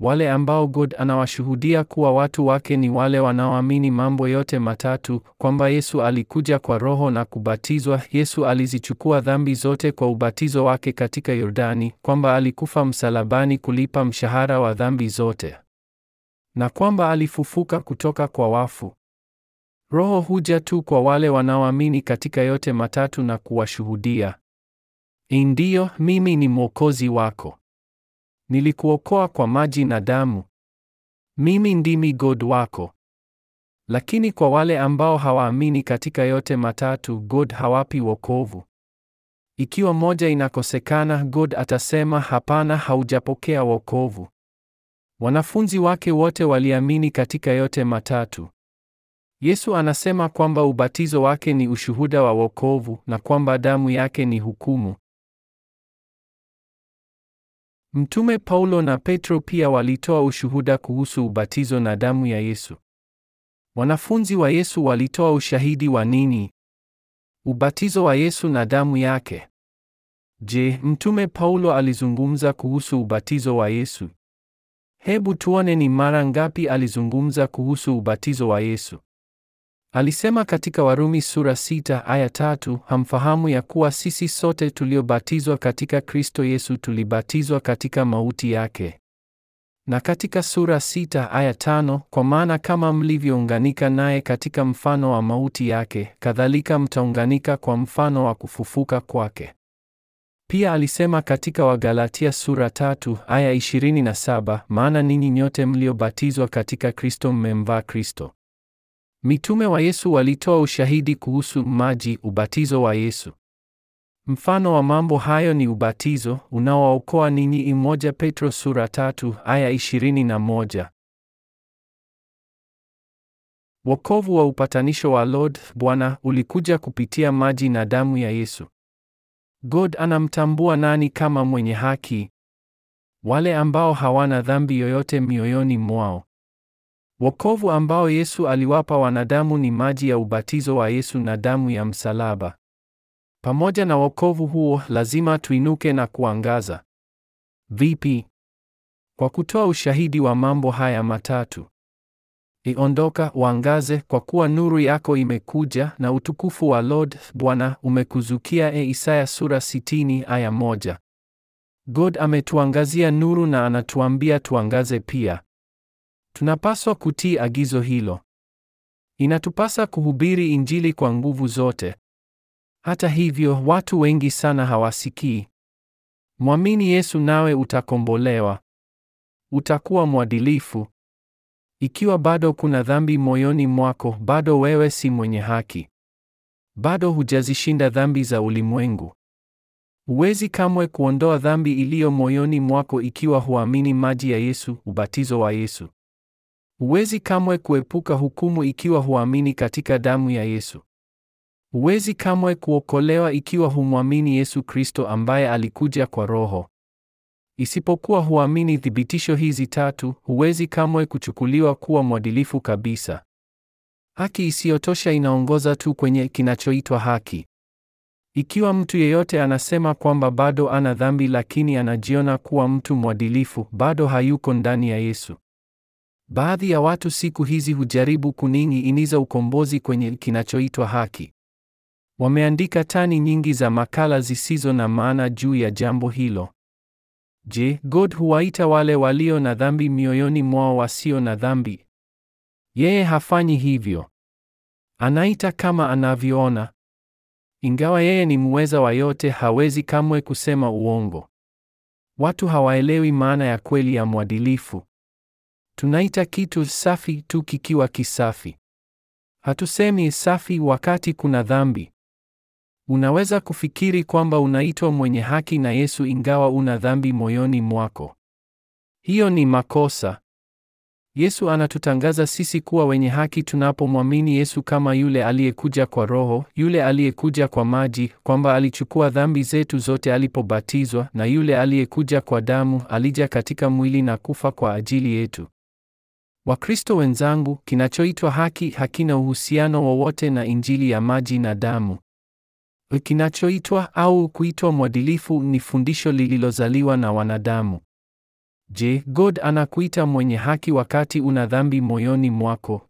Wale ambao God anawashuhudia kuwa watu wake ni wale wanaoamini mambo yote matatu, kwamba Yesu alikuja kwa Roho na kubatizwa, Yesu alizichukua dhambi zote kwa ubatizo wake katika Yordani, kwamba alikufa msalabani kulipa mshahara wa dhambi zote, na kwamba alifufuka kutoka kwa wafu. Roho huja tu kwa wale wanaoamini katika yote matatu na kuwashuhudia. Ndiyo, mimi ni Mwokozi wako. Nilikuokoa kwa maji na damu. Mimi ndimi God wako. Lakini kwa wale ambao hawaamini katika yote matatu, God hawapi wokovu. Ikiwa moja inakosekana, God atasema hapana, haujapokea wokovu. Wanafunzi wake wote waliamini katika yote matatu. Yesu anasema kwamba ubatizo wake ni ushuhuda wa wokovu na kwamba damu yake ni hukumu. Mtume Paulo na Petro pia walitoa ushuhuda kuhusu ubatizo na damu ya Yesu. Wanafunzi wa Yesu walitoa ushahidi wa nini? Ubatizo wa Yesu na damu yake. Je, Mtume Paulo alizungumza kuhusu ubatizo wa Yesu? Hebu tuone ni mara ngapi alizungumza kuhusu ubatizo wa Yesu. Alisema katika Warumi sura sita aya tatu, hamfahamu ya kuwa sisi sote tuliobatizwa katika Kristo Yesu tulibatizwa katika mauti yake. Na katika sura sita aya tano, kwa maana kama mlivyounganika naye katika mfano wa mauti yake, kadhalika mtaunganika kwa mfano wa kufufuka kwake. Pia alisema katika Wagalatia sura tatu aya 27, maana ninyi nyote mliobatizwa katika Kristo mmemvaa Kristo. Mitume wa Yesu walitoa ushahidi kuhusu maji, ubatizo wa Yesu. Mfano wa mambo hayo ni ubatizo unaookoa ninyi, imoja Petro sura tatu aya ishirini na moja. Wokovu wa upatanisho wa Lord Bwana ulikuja kupitia maji na damu ya Yesu. God anamtambua nani kama mwenye haki? Wale ambao hawana dhambi yoyote mioyoni mwao. Wokovu ambao Yesu aliwapa wanadamu ni maji ya ubatizo wa Yesu na damu ya msalaba. Pamoja na wokovu huo, lazima tuinuke na kuangaza. Vipi? Kwa kutoa ushahidi wa mambo haya matatu. Iondoka, uangaze, kwa kuwa nuru yako imekuja na utukufu wa Lord Bwana umekuzukia. E, Isaya sura 60 aya moja. God ametuangazia nuru na anatuambia tuangaze pia. Tunapaswa kutii agizo hilo. Inatupasa kuhubiri Injili kwa nguvu zote. Hata hivyo, watu wengi sana hawasikii. Mwamini Yesu nawe utakombolewa. Utakuwa mwadilifu. Ikiwa bado kuna dhambi moyoni mwako, bado wewe si mwenye haki. Bado hujazishinda dhambi za ulimwengu. Huwezi kamwe kuondoa dhambi iliyo moyoni mwako ikiwa huamini maji ya Yesu, ubatizo wa Yesu. Huwezi kamwe kuepuka hukumu ikiwa huamini katika damu ya Yesu. Huwezi kamwe kuokolewa ikiwa humwamini Yesu Kristo ambaye alikuja kwa Roho. Isipokuwa huamini thibitisho hizi tatu, huwezi kamwe kuchukuliwa kuwa mwadilifu kabisa. Haki isiyotosha inaongoza tu kwenye kinachoitwa haki. Ikiwa mtu yeyote anasema kwamba bado ana dhambi lakini anajiona kuwa mtu mwadilifu, bado hayuko ndani ya Yesu. Baadhi ya watu siku hizi hujaribu kuning'i iniza ukombozi kwenye kinachoitwa haki. Wameandika tani nyingi za makala zisizo na maana juu ya jambo hilo. Je, God huwaita wale walio na dhambi mioyoni mwao wasio na dhambi? Yeye hafanyi hivyo. Anaita kama anavyoona. Ingawa yeye ni muweza wa yote, hawezi kamwe kusema uongo. Watu hawaelewi maana ya kweli ya mwadilifu. Tunaita kitu safi tu kikiwa kisafi. Hatusemi safi wakati kuna dhambi. Unaweza kufikiri kwamba unaitwa mwenye haki na Yesu ingawa una dhambi moyoni mwako. Hiyo ni makosa. Yesu anatutangaza sisi kuwa wenye haki tunapomwamini Yesu kama yule aliyekuja kwa Roho, yule aliyekuja kwa maji, kwamba alichukua dhambi zetu zote alipobatizwa, na yule aliyekuja kwa damu, alija katika mwili na kufa kwa ajili yetu. Wakristo wenzangu, kinachoitwa haki hakina uhusiano wowote na injili ya maji na damu. Kinachoitwa au kuitwa mwadilifu ni fundisho lililozaliwa na wanadamu. Je, God anakuita mwenye haki wakati una dhambi moyoni mwako?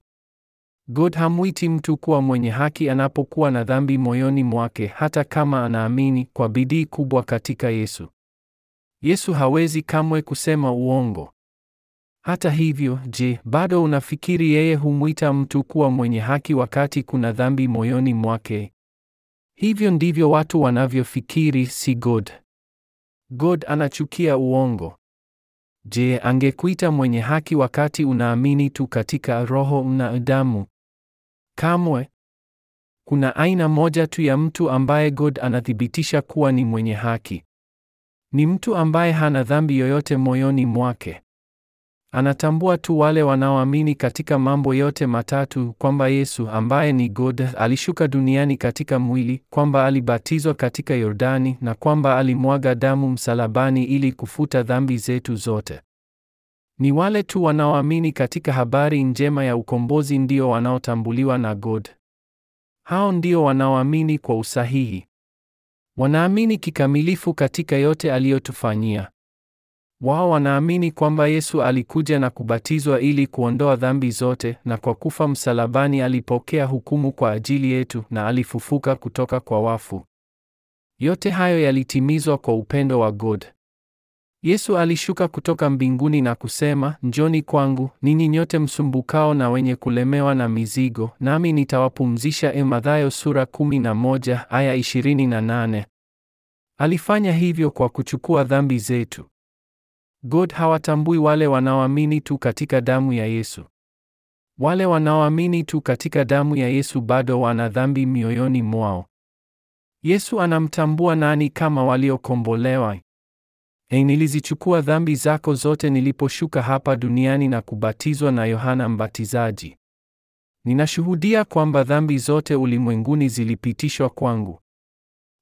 God hamwiti mtu kuwa mwenye haki anapokuwa na dhambi moyoni mwake, hata kama anaamini kwa bidii kubwa katika Yesu. Yesu hawezi kamwe kusema uongo. Hata hivyo, je, bado unafikiri yeye humwita mtu kuwa mwenye haki wakati kuna dhambi moyoni mwake? Hivyo ndivyo watu wanavyofikiri, si God. God anachukia uongo. Je, angekuita mwenye haki wakati unaamini tu katika roho na damu? Kamwe. Kuna aina moja tu ya mtu ambaye God anathibitisha kuwa ni mwenye haki. Ni mtu ambaye hana dhambi yoyote moyoni mwake. Anatambua tu wale wanaoamini katika mambo yote matatu kwamba Yesu ambaye ni God alishuka duniani katika mwili, kwamba alibatizwa katika Yordani na kwamba alimwaga damu msalabani ili kufuta dhambi zetu zote. Ni wale tu wanaoamini katika habari njema ya ukombozi ndio wanaotambuliwa na God. Hao ndio wanaoamini kwa usahihi. Wanaamini kikamilifu katika yote aliyotufanyia. Wao wanaamini kwamba Yesu alikuja na kubatizwa ili kuondoa dhambi zote na kwa kufa msalabani alipokea hukumu kwa ajili yetu na alifufuka kutoka kwa wafu. Yote hayo yalitimizwa kwa upendo wa God. Yesu alishuka kutoka mbinguni na kusema, "Njoni kwangu, ninyi nyote msumbukao na wenye kulemewa na mizigo, nami nitawapumzisha." E, Mathayo sura 11 aya 28. Alifanya hivyo kwa kuchukua dhambi zetu. God hawatambui wale wanaoamini tu katika damu ya Yesu. Wale wanaoamini tu katika damu ya Yesu bado wana dhambi mioyoni mwao. Yesu anamtambua nani kama waliokombolewa? Hey, nilizichukua dhambi zako zote niliposhuka hapa duniani na kubatizwa na Yohana Mbatizaji. Ninashuhudia kwamba dhambi zote ulimwenguni zilipitishwa kwangu.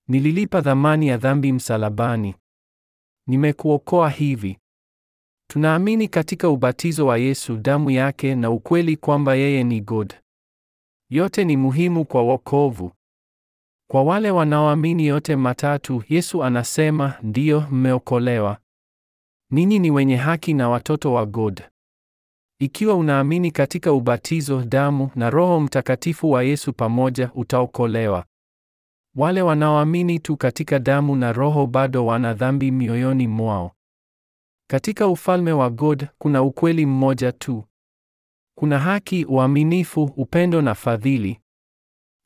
Nililipa dhamani ya dhambi msalabani. Nimekuokoa hivi. Tunaamini katika ubatizo wa Yesu, damu yake na ukweli kwamba yeye ni God. Yote ni muhimu kwa wokovu. Kwa wale wanaoamini yote matatu, Yesu anasema, ndiyo, mmeokolewa. Ninyi ni wenye haki na watoto wa God. Ikiwa unaamini katika ubatizo, damu na Roho Mtakatifu wa Yesu pamoja, utaokolewa. Wale wanaoamini tu katika damu na Roho bado wana dhambi mioyoni mwao. Katika ufalme wa God kuna ukweli mmoja tu. Kuna haki, uaminifu, upendo na fadhili.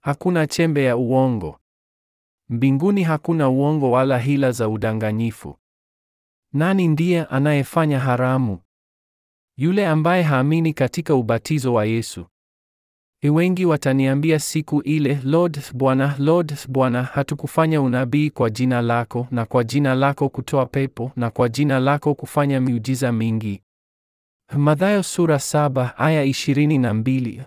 Hakuna chembe ya uongo. Mbinguni hakuna uongo wala hila za udanganyifu. Nani ndiye anayefanya haramu? Yule ambaye haamini katika ubatizo wa Yesu. Wengi wataniambia siku ile, Lord, Bwana, Lord, Bwana, hatukufanya unabii kwa jina lako, na kwa jina lako kutoa pepo, na kwa jina lako kufanya miujiza mingi? Mathayo sura saba aya ishirini na mbili.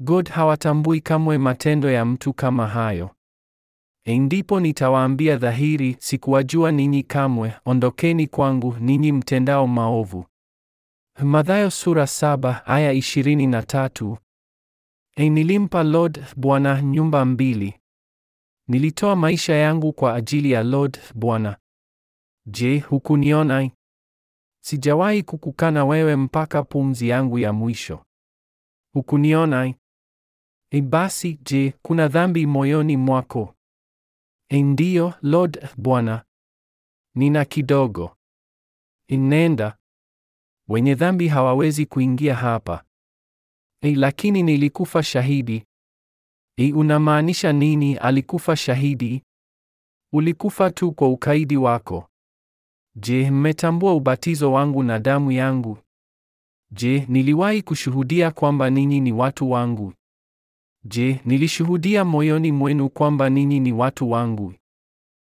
God hawatambui kamwe matendo ya mtu kama hayo. E, ndipo nitawaambia dhahiri, sikuwajua ninyi kamwe, ondokeni kwangu ninyi mtendao maovu. Mathayo sura saba aya ishirini na tatu. E, nilimpa Lord Bwana nyumba mbili. Nilitoa maisha yangu kwa ajili ya Lord Bwana. Je, hukuniona? Sijawahi kukukana wewe mpaka pumzi yangu ya mwisho. Hukuniona? E, basi je, kuna dhambi moyoni mwako? E, ndiyo Lord Bwana. Nina kidogo. Inenda. Wenye dhambi hawawezi kuingia hapa. E, lakini nilikufa shahidi. E, unamaanisha nini alikufa shahidi? Ulikufa tu kwa ukaidi wako. Je, mmetambua ubatizo wangu na damu yangu? Je, niliwahi kushuhudia kwamba ninyi ni watu wangu? Je, nilishuhudia moyoni mwenu kwamba ninyi ni watu wangu?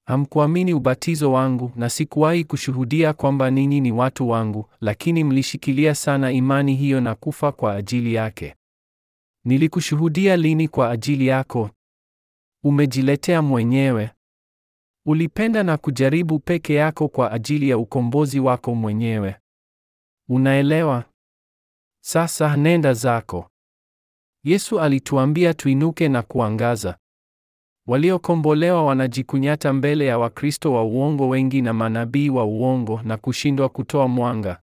Hamkuamini ubatizo wangu na sikuwahi kushuhudia kwamba ninyi ni watu wangu, lakini mlishikilia sana imani hiyo na kufa kwa ajili yake. Nilikushuhudia lini kwa ajili yako? Umejiletea mwenyewe. Ulipenda na kujaribu peke yako kwa ajili ya ukombozi wako mwenyewe. Unaelewa? Sasa nenda zako. Yesu alituambia tuinuke na kuangaza. Waliokombolewa wanajikunyata mbele ya Wakristo wa uongo wengi na manabii wa uongo na kushindwa kutoa mwanga.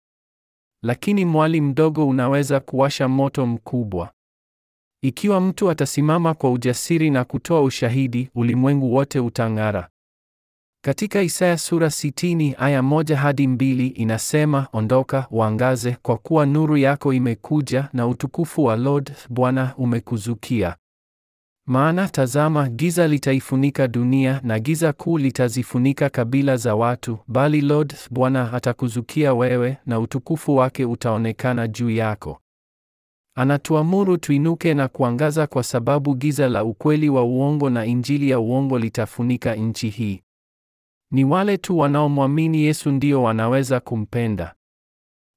Lakini mwali mdogo unaweza kuwasha moto mkubwa. Ikiwa mtu atasimama kwa ujasiri na kutoa ushahidi, ulimwengu wote utang'ara. Katika Isaya sura 60 aya moja hadi mbili inasema, ondoka uangaze, kwa kuwa nuru yako imekuja na utukufu wa Lord Bwana umekuzukia. Maana tazama, giza litaifunika dunia na giza kuu litazifunika kabila za watu, bali Lord Bwana atakuzukia wewe, na utukufu wake utaonekana juu yako. Anatuamuru tuinuke na kuangaza, kwa sababu giza la ukweli wa uongo na injili ya uongo litafunika nchi hii. Ni wale tu wanaomwamini Yesu ndio wanaweza kumpenda.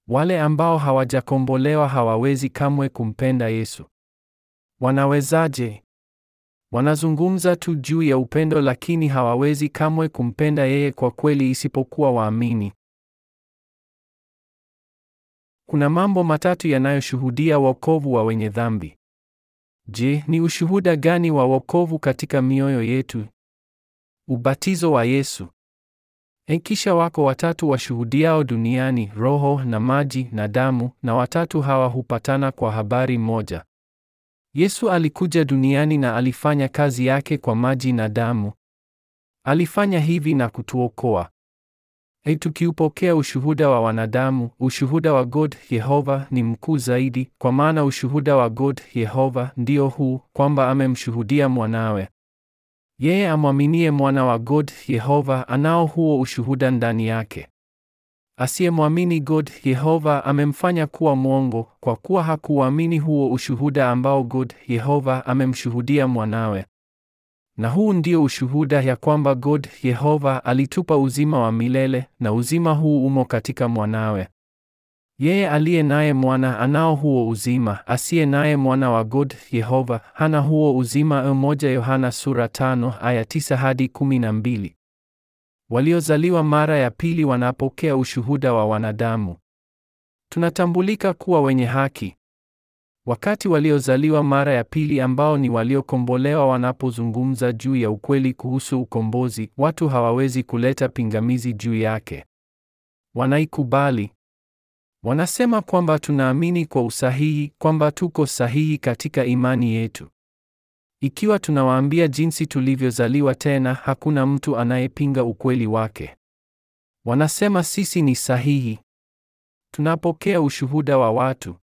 Wale ambao hawajakombolewa hawawezi kamwe kumpenda Yesu. Wanawezaje? Wanazungumza tu juu ya upendo lakini hawawezi kamwe kumpenda yeye kwa kweli isipokuwa waamini. Kuna mambo matatu yanayoshuhudia wokovu wa wenye dhambi. Je, ni ushuhuda gani wa wokovu katika mioyo yetu? Ubatizo wa Yesu. Enkisha wako watatu washuhudiao duniani, roho na maji na damu, na watatu hawa hupatana kwa habari moja. Yesu alikuja duniani na alifanya kazi yake kwa maji na damu. Alifanya hivi na kutuokoa. E, tukiupokea ushuhuda wa wanadamu, ushuhuda wa God Yehova ni mkuu zaidi, kwa maana ushuhuda wa God Yehova ndio huu kwamba amemshuhudia mwanawe. Yeye amwaminie mwana wa God Yehova anao huo ushuhuda ndani yake. Asiyemwamini God Yehova amemfanya kuwa mwongo, kwa kuwa hakuamini huo ushuhuda ambao God Yehova amemshuhudia mwanawe. Na huu ndio ushuhuda ya kwamba God Yehova alitupa uzima wa milele, na uzima huu umo katika mwanawe. Yeye aliye naye mwana anao huo uzima, asiye naye mwana wa God Yehova hana huo uzima. Moja Yohana sura tano aya tisa hadi kumi na mbili. Waliozaliwa mara ya pili wanapokea ushuhuda wa wanadamu. Tunatambulika kuwa wenye haki. Wakati waliozaliwa mara ya pili ambao ni waliokombolewa wanapozungumza juu ya ukweli kuhusu ukombozi, watu hawawezi kuleta pingamizi juu yake. Wanaikubali. Wanasema kwamba tunaamini kwa usahihi kwamba tuko sahihi katika imani yetu. Ikiwa tunawaambia jinsi tulivyozaliwa tena, hakuna mtu anayepinga ukweli wake. Wanasema sisi ni sahihi. Tunapokea ushuhuda wa watu.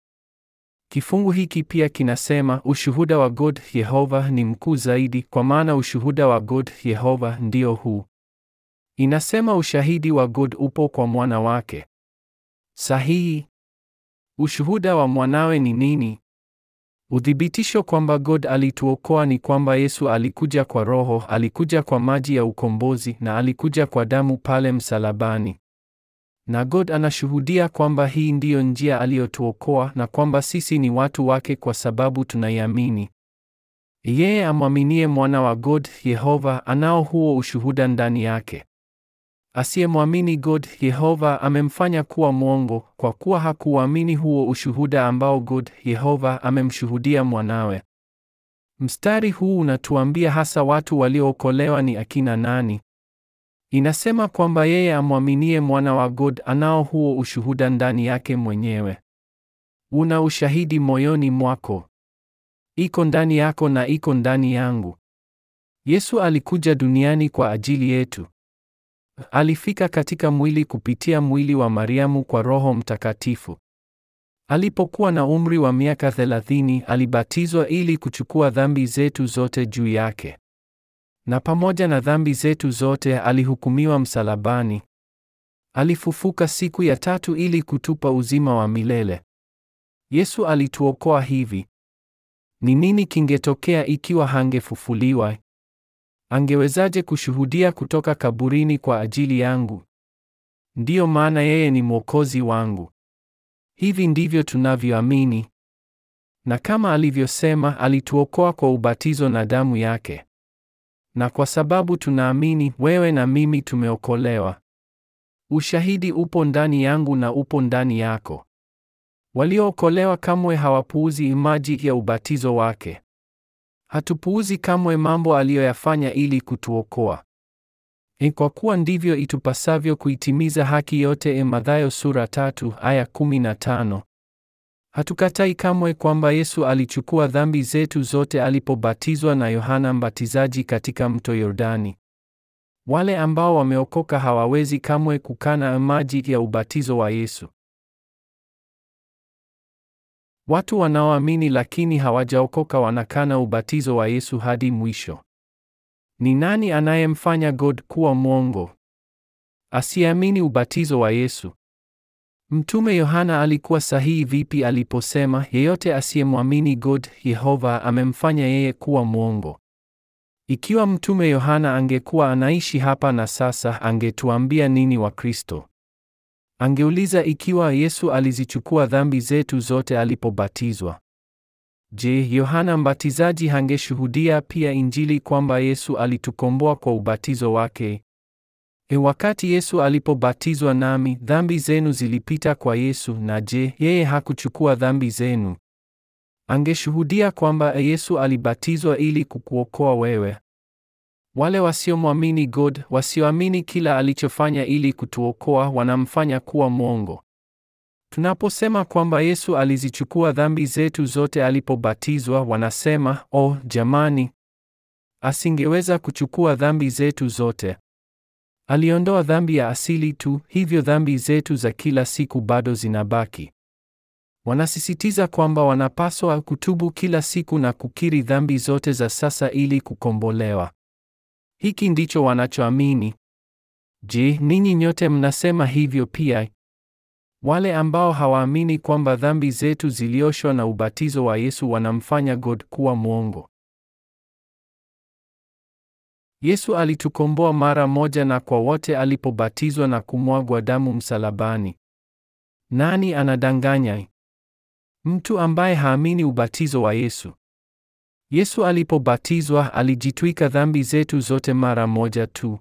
Kifungu hiki pia kinasema ushuhuda wa God Yehova ni mkuu zaidi, kwa maana ushuhuda wa God Yehova ndio huu. Inasema ushahidi wa God upo kwa mwana wake. Sahihi. Ushuhuda wa mwanawe ni nini? Uthibitisho kwamba God alituokoa ni kwamba Yesu alikuja kwa Roho, alikuja kwa maji ya ukombozi na alikuja kwa damu pale msalabani. Na God anashuhudia kwamba hii ndiyo njia aliyotuokoa na kwamba sisi ni watu wake kwa sababu tunaiamini. Yeye amwaminie mwana wa God Yehova anao huo ushuhuda ndani yake. Asiyemwamini God Yehova amemfanya kuwa mwongo, kwa kuwa hakuamini huo ushuhuda ambao God Yehova amemshuhudia mwanawe. Mstari huu unatuambia hasa watu waliookolewa ni akina nani. Inasema kwamba yeye amwaminie mwana wa God anao huo ushuhuda ndani yake mwenyewe. Una ushahidi moyoni mwako, iko ndani yako na iko ndani yangu. Yesu alikuja duniani kwa ajili yetu alifika katika mwili kupitia mwili wa Mariamu kwa Roho Mtakatifu. Alipokuwa na umri wa miaka 30 alibatizwa ili kuchukua dhambi zetu zote juu yake. Na pamoja na dhambi zetu zote alihukumiwa msalabani. Alifufuka siku ya tatu ili kutupa uzima wa milele. Yesu alituokoa hivi. Ni nini kingetokea ikiwa hangefufuliwa? Angewezaje kushuhudia kutoka kaburini kwa ajili yangu? Ndiyo maana yeye ni mwokozi wangu. Hivi ndivyo tunavyoamini. Na kama alivyosema, alituokoa kwa ubatizo na damu yake. Na kwa sababu tunaamini, wewe na mimi tumeokolewa. Ushahidi upo ndani yangu na upo ndani yako. Waliookolewa kamwe hawapuuzi imaji ya ubatizo wake. Hatupuuzi kamwe mambo aliyoyafanya ili kutuokoa. E, kwa kuwa ndivyo itupasavyo kuitimiza haki yote. E, Mathayo sura tatu aya kumi na tano. Hatukatai kamwe kwamba Yesu alichukua dhambi zetu zote alipobatizwa na Yohana Mbatizaji katika mto Yordani. Wale ambao wameokoka hawawezi kamwe kukana maji ya ubatizo wa Yesu. Watu wanaoamini lakini hawajaokoka wanakana ubatizo wa Yesu hadi mwisho. Ni nani anayemfanya God kuwa mwongo? Asiamini ubatizo wa Yesu. Mtume Yohana alikuwa sahihi vipi aliposema yeyote asiyemwamini God Yehova amemfanya yeye kuwa mwongo? Ikiwa Mtume Yohana angekuwa anaishi hapa na sasa, angetuambia nini Wakristo? Angeuliza ikiwa Yesu alizichukua dhambi zetu zote alipobatizwa. Je, Yohana Mbatizaji hangeshuhudia pia Injili kwamba Yesu alitukomboa kwa ubatizo wake? E, wakati Yesu alipobatizwa nami, dhambi zenu zilipita kwa Yesu, na je, yeye hakuchukua dhambi zenu? Angeshuhudia kwamba Yesu alibatizwa ili kukuokoa wewe. Wale wasiomwamini God, wasioamini kila alichofanya ili kutuokoa, wanamfanya kuwa mwongo. Tunaposema kwamba Yesu alizichukua dhambi zetu zote alipobatizwa, wanasema, "Oh, jamani, asingeweza kuchukua dhambi zetu zote. Aliondoa dhambi ya asili tu, hivyo dhambi zetu za kila siku bado zinabaki." Wanasisitiza kwamba wanapaswa kutubu kila siku na kukiri dhambi zote za sasa ili kukombolewa. Hiki ndicho wanachoamini. Je, ninyi nyote mnasema hivyo pia? Wale ambao hawaamini kwamba dhambi zetu zilioshwa na ubatizo wa Yesu wanamfanya God kuwa mwongo. Yesu alitukomboa mara moja na kwa wote alipobatizwa na kumwagwa damu msalabani. Nani anadanganya? Mtu ambaye haamini ubatizo wa Yesu. Yesu alipobatizwa alijitwika dhambi zetu zote mara moja tu.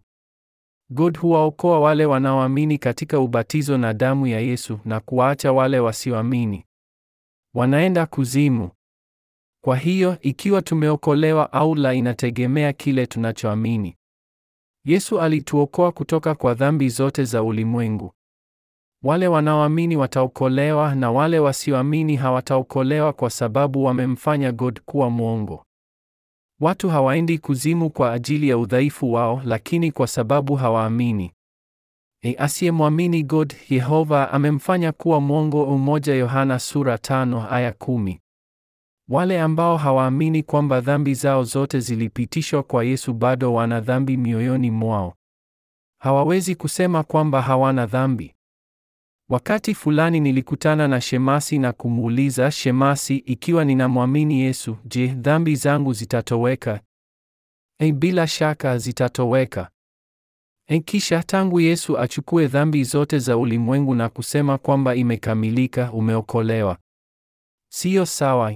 God huwaokoa wale wanaoamini katika ubatizo na damu ya Yesu na kuwaacha wale wasioamini. Wanaenda kuzimu. Kwa hiyo, ikiwa tumeokolewa au la inategemea kile tunachoamini. Yesu alituokoa kutoka kwa dhambi zote za ulimwengu. Wale wanaoamini wataokolewa na wale wasioamini hawataokolewa kwa sababu wamemfanya God kuwa mwongo. Watu hawaendi kuzimu kwa ajili ya udhaifu wao, lakini kwa sababu hawaamini. E, asiyemwamini God Yehova amemfanya kuwa mwongo. Umoja Yohana sura tano aya kumi. Wale ambao hawaamini kwamba dhambi zao zote zilipitishwa kwa Yesu bado wana dhambi mioyoni mwao. Hawawezi kusema kwamba hawana dhambi. Wakati fulani nilikutana na Shemasi na kumuuliza Shemasi, ikiwa ninamwamini Yesu, je, dhambi zangu zitatoweka? E, bila shaka zitatoweka. E, kisha tangu Yesu achukue dhambi zote za ulimwengu na kusema kwamba imekamilika, umeokolewa. Siyo sawa.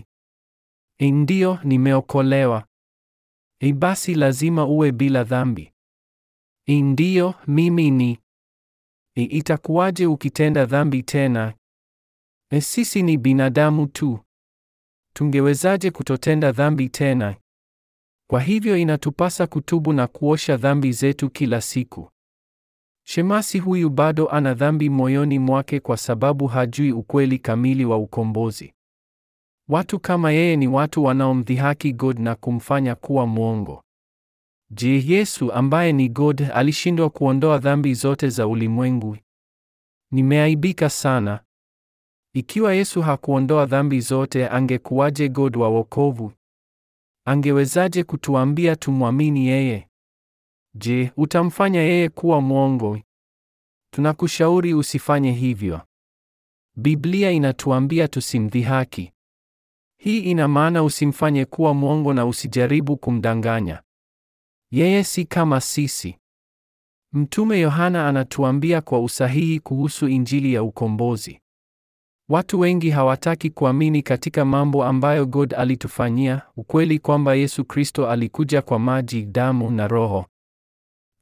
E, ndiyo, nimeokolewa. E, basi lazima uwe bila dhambi. E, ndiyo, mimi ni ni itakuwaje ukitenda dhambi tena? E, sisi ni binadamu tu. Tungewezaje kutotenda dhambi tena? Kwa hivyo inatupasa kutubu na kuosha dhambi zetu kila siku. Shemasi huyu bado ana dhambi moyoni mwake kwa sababu hajui ukweli kamili wa ukombozi. Watu kama yeye ni watu wanaomdhihaki God na kumfanya kuwa mwongo. Je, Yesu ambaye ni God alishindwa kuondoa dhambi zote za ulimwengu? Nimeaibika sana. Ikiwa Yesu hakuondoa dhambi zote, angekuwaje God wa wokovu? Angewezaje kutuambia tumwamini yeye? Je, utamfanya yeye kuwa mwongo? Tunakushauri usifanye hivyo. Biblia inatuambia tusimdhihaki. Hii ina maana usimfanye kuwa mwongo na usijaribu kumdanganya. Yeye si kama sisi. Mtume Yohana anatuambia kwa usahihi kuhusu injili ya ukombozi. Watu wengi hawataki kuamini katika mambo ambayo God alitufanyia, ukweli kwamba Yesu Kristo alikuja kwa maji, damu na Roho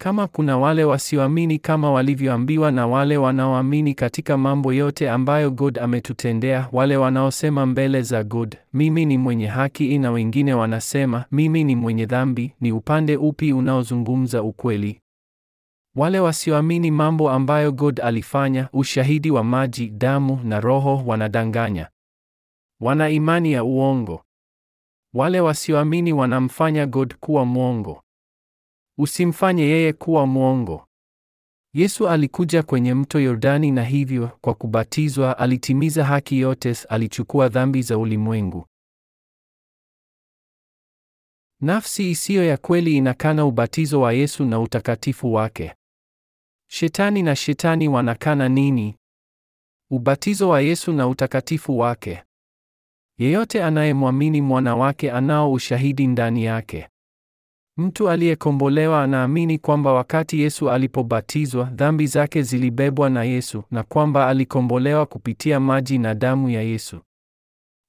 kama kuna wale wasioamini kama walivyoambiwa na wale wanaoamini katika mambo yote ambayo God ametutendea, wale wanaosema mbele za God, mimi ni mwenye haki, na wengine wanasema mimi ni mwenye dhambi, ni upande upi unaozungumza ukweli? Wale wasioamini mambo ambayo God alifanya, ushahidi wa maji, damu na roho, wanadanganya. Wana imani ya uongo. Wale wasioamini wanamfanya God kuwa mwongo. Usimfanye yeye kuwa mwongo. Yesu alikuja kwenye mto Yordani na hivyo kwa kubatizwa alitimiza haki yote, alichukua dhambi za ulimwengu. Nafsi isiyo ya kweli inakana ubatizo wa Yesu na utakatifu wake. Shetani na shetani wanakana nini? Ubatizo wa Yesu na utakatifu wake. Yeyote anayemwamini mwana wake anao ushahidi ndani yake. Mtu aliyekombolewa anaamini kwamba wakati Yesu alipobatizwa, dhambi zake zilibebwa na Yesu na kwamba alikombolewa kupitia maji na damu ya Yesu.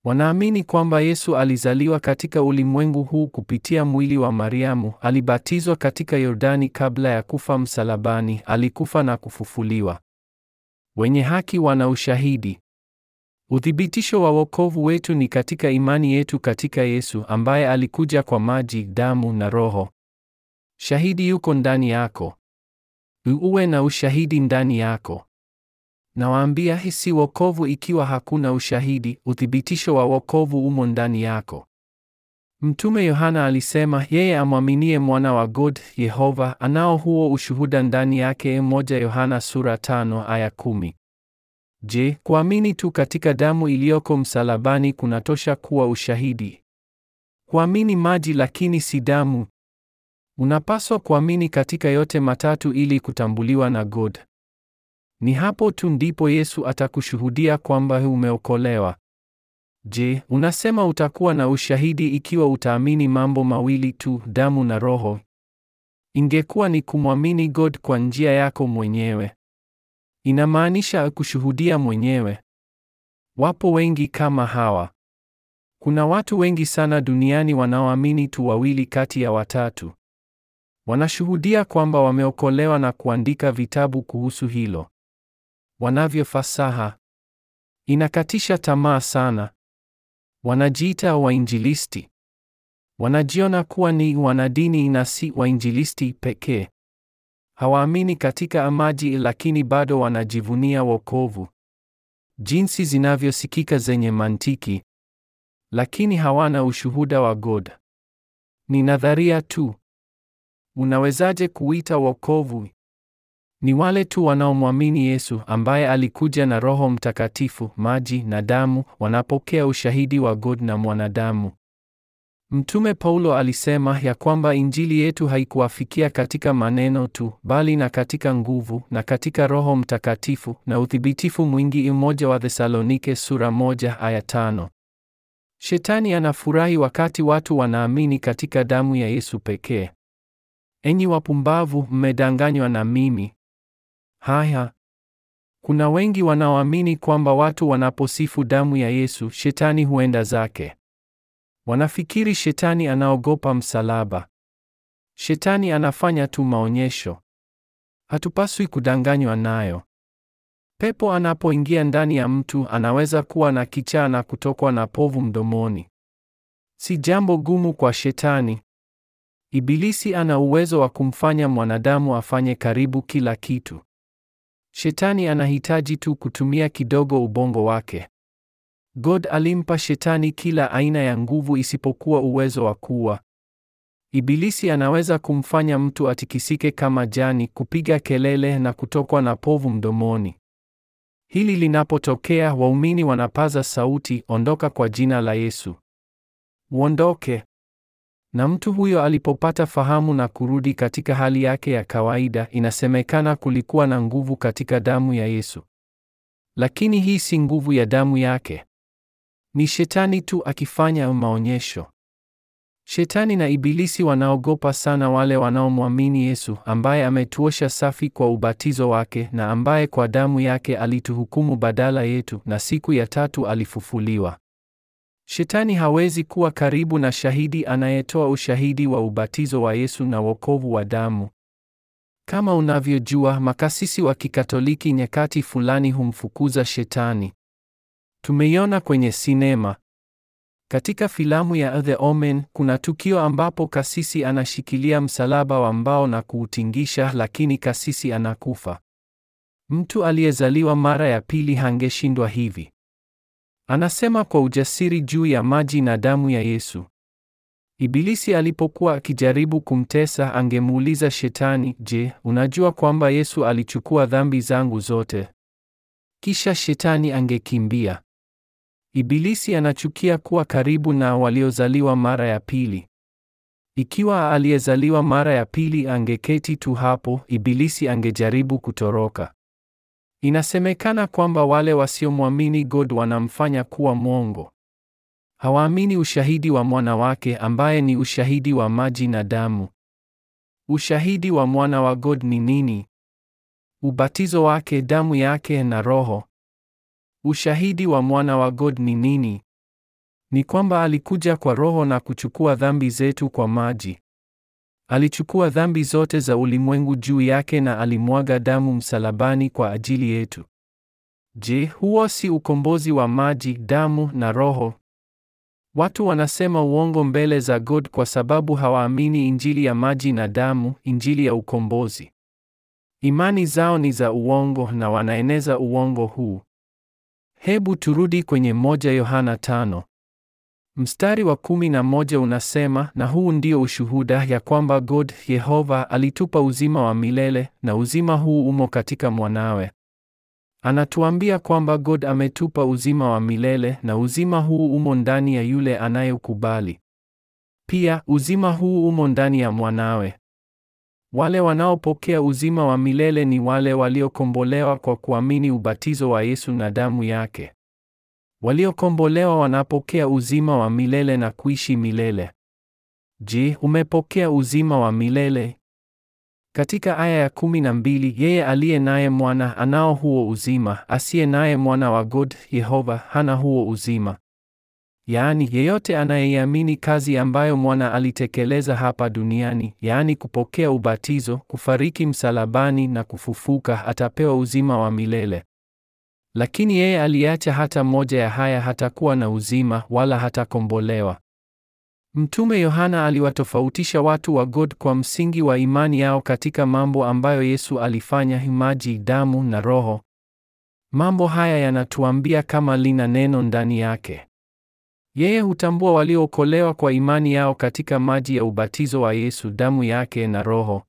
Wanaamini kwamba Yesu alizaliwa katika ulimwengu huu kupitia mwili wa Mariamu, alibatizwa katika Yordani kabla ya kufa msalabani, alikufa na kufufuliwa. Wenye haki wana ushahidi. Uthibitisho wa wokovu wetu ni katika imani yetu katika Yesu ambaye alikuja kwa maji, damu na Roho. Shahidi yuko ndani yako. Uwe na ushahidi ndani yako. Nawaambia hisi wokovu ikiwa hakuna ushahidi, uthibitisho wa wokovu umo ndani yako. Mtume Yohana alisema yeye amwaminie mwana wa God Yehova anao huo ushuhuda ndani yake. Moja Yohana sura tano aya kumi. Je, kuamini tu katika damu iliyoko msalabani kunatosha kuwa ushahidi? Kuamini maji lakini si damu. Unapaswa kuamini katika yote matatu ili kutambuliwa na God. Ni hapo tu ndipo Yesu atakushuhudia kwamba umeokolewa. Je, unasema utakuwa na ushahidi ikiwa utaamini mambo mawili tu, damu na roho? Ingekuwa ni kumwamini God kwa njia yako mwenyewe. Inamaanisha kushuhudia mwenyewe. Wapo wengi kama hawa. Kuna watu wengi sana duniani wanaoamini tu wawili kati ya watatu. Wanashuhudia kwamba wameokolewa na kuandika vitabu kuhusu hilo. Wanavyo fasaha. Inakatisha tamaa sana. Wanajiita wainjilisti. Wanajiona kuwa ni wanadini na si wainjilisti pekee. Hawaamini katika amaji lakini bado wanajivunia wokovu. Jinsi zinavyosikika zenye mantiki, lakini hawana ushuhuda wa God. Ni nadharia tu. Unawezaje kuita wokovu? Ni wale tu wanaomwamini Yesu ambaye alikuja na Roho Mtakatifu, maji na damu, wanapokea ushahidi wa God na mwanadamu. Mtume Paulo alisema ya kwamba injili yetu haikuwafikia katika maneno tu, bali na katika nguvu na katika Roho Mtakatifu na uthibitifu mwingi. Mmoja wa Thesalonike sura moja aya tano. Shetani anafurahi wakati watu wanaamini katika damu ya Yesu pekee. Enyi wapumbavu, mmedanganywa na mimi. Haya, kuna wengi wanaoamini kwamba watu wanaposifu damu ya Yesu, shetani huenda zake. Wanafikiri shetani anaogopa msalaba. Shetani anafanya tu maonyesho. Hatupaswi kudanganywa nayo. Pepo anapoingia ndani ya mtu anaweza kuwa na kichaa na kutokwa na povu mdomoni. Si jambo gumu kwa shetani. Ibilisi ana uwezo wa kumfanya mwanadamu afanye karibu kila kitu. Shetani anahitaji tu kutumia kidogo ubongo wake. God alimpa shetani kila aina ya nguvu isipokuwa uwezo wa kuua. Ibilisi anaweza kumfanya mtu atikisike kama jani, kupiga kelele na kutokwa na povu mdomoni. Hili linapotokea, waumini wanapaza sauti, ondoka kwa jina la Yesu. Uondoke. Na mtu huyo alipopata fahamu na kurudi katika hali yake ya kawaida, inasemekana kulikuwa na nguvu katika damu ya Yesu. Lakini hii si nguvu ya damu yake. Ni shetani tu akifanya maonyesho. Shetani na Ibilisi wanaogopa sana wale wanaomwamini Yesu ambaye ametuosha safi kwa ubatizo wake na ambaye kwa damu yake alituhukumu badala yetu na siku ya tatu alifufuliwa. Shetani hawezi kuwa karibu na shahidi anayetoa ushahidi wa ubatizo wa Yesu na wokovu wa damu. Kama unavyojua, makasisi wa Kikatoliki nyakati fulani humfukuza shetani. Tumeiona kwenye sinema. Katika filamu ya The Omen kuna tukio ambapo kasisi anashikilia msalaba wa mbao na kuutingisha, lakini kasisi anakufa. Mtu aliyezaliwa mara ya pili hangeshindwa hivi. Anasema kwa ujasiri juu ya maji na damu ya Yesu. Ibilisi alipokuwa akijaribu kumtesa, angemuuliza Shetani, "Je, unajua kwamba Yesu alichukua dhambi zangu zote?" Kisha Shetani angekimbia. Ibilisi anachukia kuwa karibu na waliozaliwa mara ya pili. Ikiwa aliyezaliwa mara ya pili angeketi tu hapo, Ibilisi angejaribu kutoroka. Inasemekana kwamba wale wasiomwamini God wanamfanya kuwa mwongo. Hawaamini ushahidi wa mwana wake ambaye ni ushahidi wa maji na damu. Ushahidi wa mwana wa God ni nini? Ubatizo wake, damu yake na roho. Ushahidi wa mwana wa God ni nini? Ni kwamba alikuja kwa Roho na kuchukua dhambi zetu kwa maji. Alichukua dhambi zote za ulimwengu juu yake na alimwaga damu msalabani kwa ajili yetu. Je, huo si ukombozi wa maji, damu na roho? Watu wanasema uongo mbele za God kwa sababu hawaamini injili ya maji na damu, injili ya ukombozi. Imani zao ni za uongo na wanaeneza uongo huu. Hebu turudi kwenye moja Yohana tano mstari wa kumi na moja unasema, na huu ndio ushuhuda ya kwamba God Yehova alitupa uzima wa milele, na uzima huu umo katika mwanawe. Anatuambia kwamba God ametupa uzima wa milele, na uzima huu umo ndani ya yule anayekubali. Pia uzima huu umo ndani ya mwanawe. Wale wanaopokea uzima wa milele ni wale waliokombolewa kwa kuamini ubatizo wa Yesu na damu yake. Waliokombolewa wanapokea uzima wa milele na kuishi milele. Je, umepokea uzima wa milele? Katika aya ya kumi na mbili, yeye aliye naye mwana anao huo uzima, asiye naye mwana wa God Yehova hana huo uzima. Yaani yeyote anayeiamini kazi ambayo mwana alitekeleza hapa duniani, yaani kupokea ubatizo, kufariki msalabani na kufufuka, atapewa uzima wa milele. Lakini yeye aliacha hata moja ya haya, hatakuwa na uzima wala hatakombolewa. Mtume Yohana aliwatofautisha watu wa God kwa msingi wa imani yao katika mambo ambayo Yesu alifanya: maji, damu na Roho. Mambo haya yanatuambia kama lina neno ndani yake. Yeye hutambua waliookolewa kwa imani yao katika maji ya ubatizo wa Yesu, damu yake na Roho.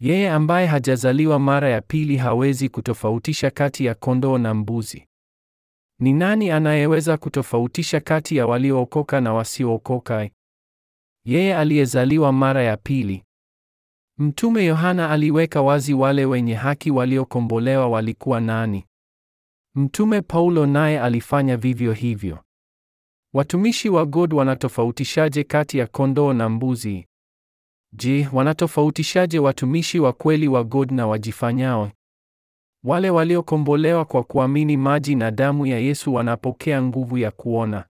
Yeye ambaye hajazaliwa mara ya pili hawezi kutofautisha kati ya kondoo na mbuzi. Ni nani anayeweza kutofautisha kati ya waliookoka na wasiookoka? Yeye aliyezaliwa mara ya pili. Mtume Yohana aliweka wazi wale wenye haki waliokombolewa walikuwa nani. Mtume Paulo naye alifanya vivyo hivyo. Watumishi wa God wanatofautishaje kati ya kondoo na mbuzi? Je, wanatofautishaje watumishi wa kweli wa God na wajifanyao? Wale waliokombolewa kwa kuamini maji na damu ya Yesu wanapokea nguvu ya kuona.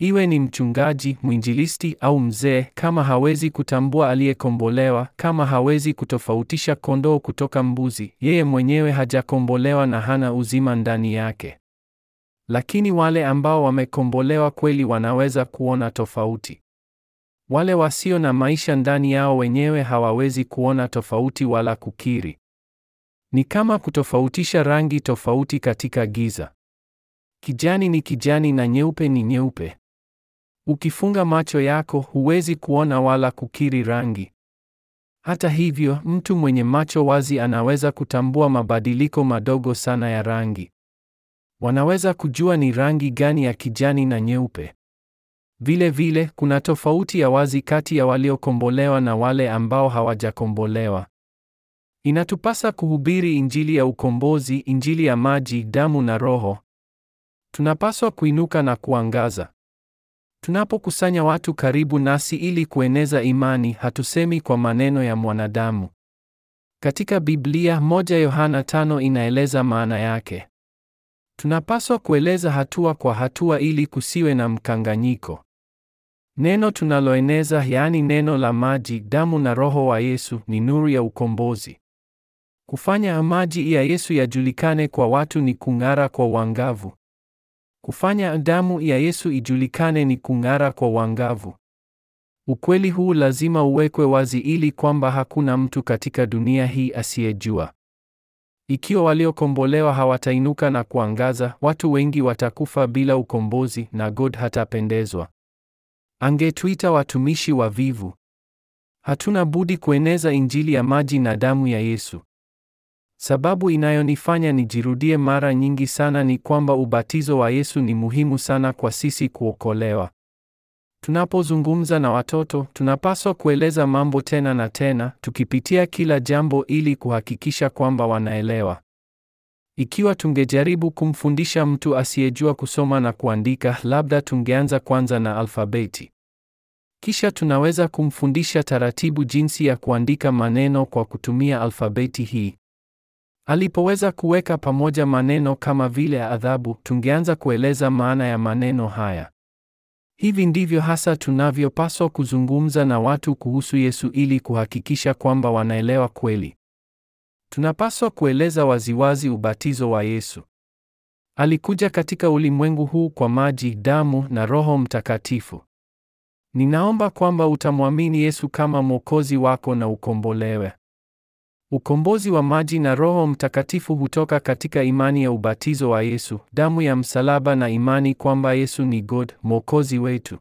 Iwe ni mchungaji, mwinjilisti au mzee, kama hawezi kutambua aliyekombolewa, kama hawezi kutofautisha kondoo kutoka mbuzi, yeye mwenyewe hajakombolewa na hana uzima ndani yake. Lakini wale ambao wamekombolewa kweli wanaweza kuona tofauti. Wale wasio na maisha ndani yao wenyewe hawawezi kuona tofauti wala kukiri. Ni kama kutofautisha rangi tofauti katika giza. Kijani ni kijani na nyeupe ni nyeupe. Ukifunga macho yako huwezi kuona wala kukiri rangi. Hata hivyo, mtu mwenye macho wazi anaweza kutambua mabadiliko madogo sana ya rangi. Wanaweza kujua ni rangi gani ya kijani na nyeupe. Vile vile, kuna tofauti ya wazi kati ya waliokombolewa na wale ambao hawajakombolewa. Inatupasa kuhubiri injili ya ukombozi, injili ya maji, damu na Roho. Tunapaswa kuinuka na kuangaza. Tunapokusanya watu karibu nasi ili kueneza imani, hatusemi kwa maneno ya mwanadamu. Katika Biblia, moja Yohana tano inaeleza maana yake. Tunapaswa kueleza hatua kwa hatua ili kusiwe na mkanganyiko. Neno tunaloeneza, yaani neno la maji, damu na roho wa Yesu, ni nuru ya ukombozi. Kufanya maji ya Yesu yajulikane kwa watu ni kung'ara kwa uangavu. Kufanya damu ya Yesu ijulikane ni kung'ara kwa wangavu. Ukweli huu lazima uwekwe wazi ili kwamba hakuna mtu katika dunia hii asiyejua. Ikiwa waliokombolewa hawatainuka na kuangaza, watu wengi watakufa bila ukombozi na God hatapendezwa. Angetuita watumishi wavivu. Hatuna budi kueneza injili ya maji na damu ya Yesu. Sababu inayonifanya nijirudie mara nyingi sana ni kwamba ubatizo wa Yesu ni muhimu sana kwa sisi kuokolewa. Tunapozungumza na watoto, tunapaswa kueleza mambo tena na tena, tukipitia kila jambo ili kuhakikisha kwamba wanaelewa. Ikiwa tungejaribu kumfundisha mtu asiyejua kusoma na kuandika, labda tungeanza kwanza na alfabeti. Kisha tunaweza kumfundisha taratibu jinsi ya kuandika maneno kwa kutumia alfabeti hii. Alipoweza kuweka pamoja maneno kama vile adhabu, tungeanza kueleza maana ya maneno haya. Hivi ndivyo hasa tunavyopaswa kuzungumza na watu kuhusu Yesu ili kuhakikisha kwamba wanaelewa kweli. Tunapaswa kueleza waziwazi ubatizo wa Yesu. Alikuja katika ulimwengu huu kwa maji, damu na Roho Mtakatifu. Ninaomba kwamba utamwamini Yesu kama Mwokozi wako na ukombolewe. Ukombozi wa maji na Roho Mtakatifu hutoka katika imani ya ubatizo wa Yesu, damu ya msalaba na imani kwamba Yesu ni God, Mwokozi wetu.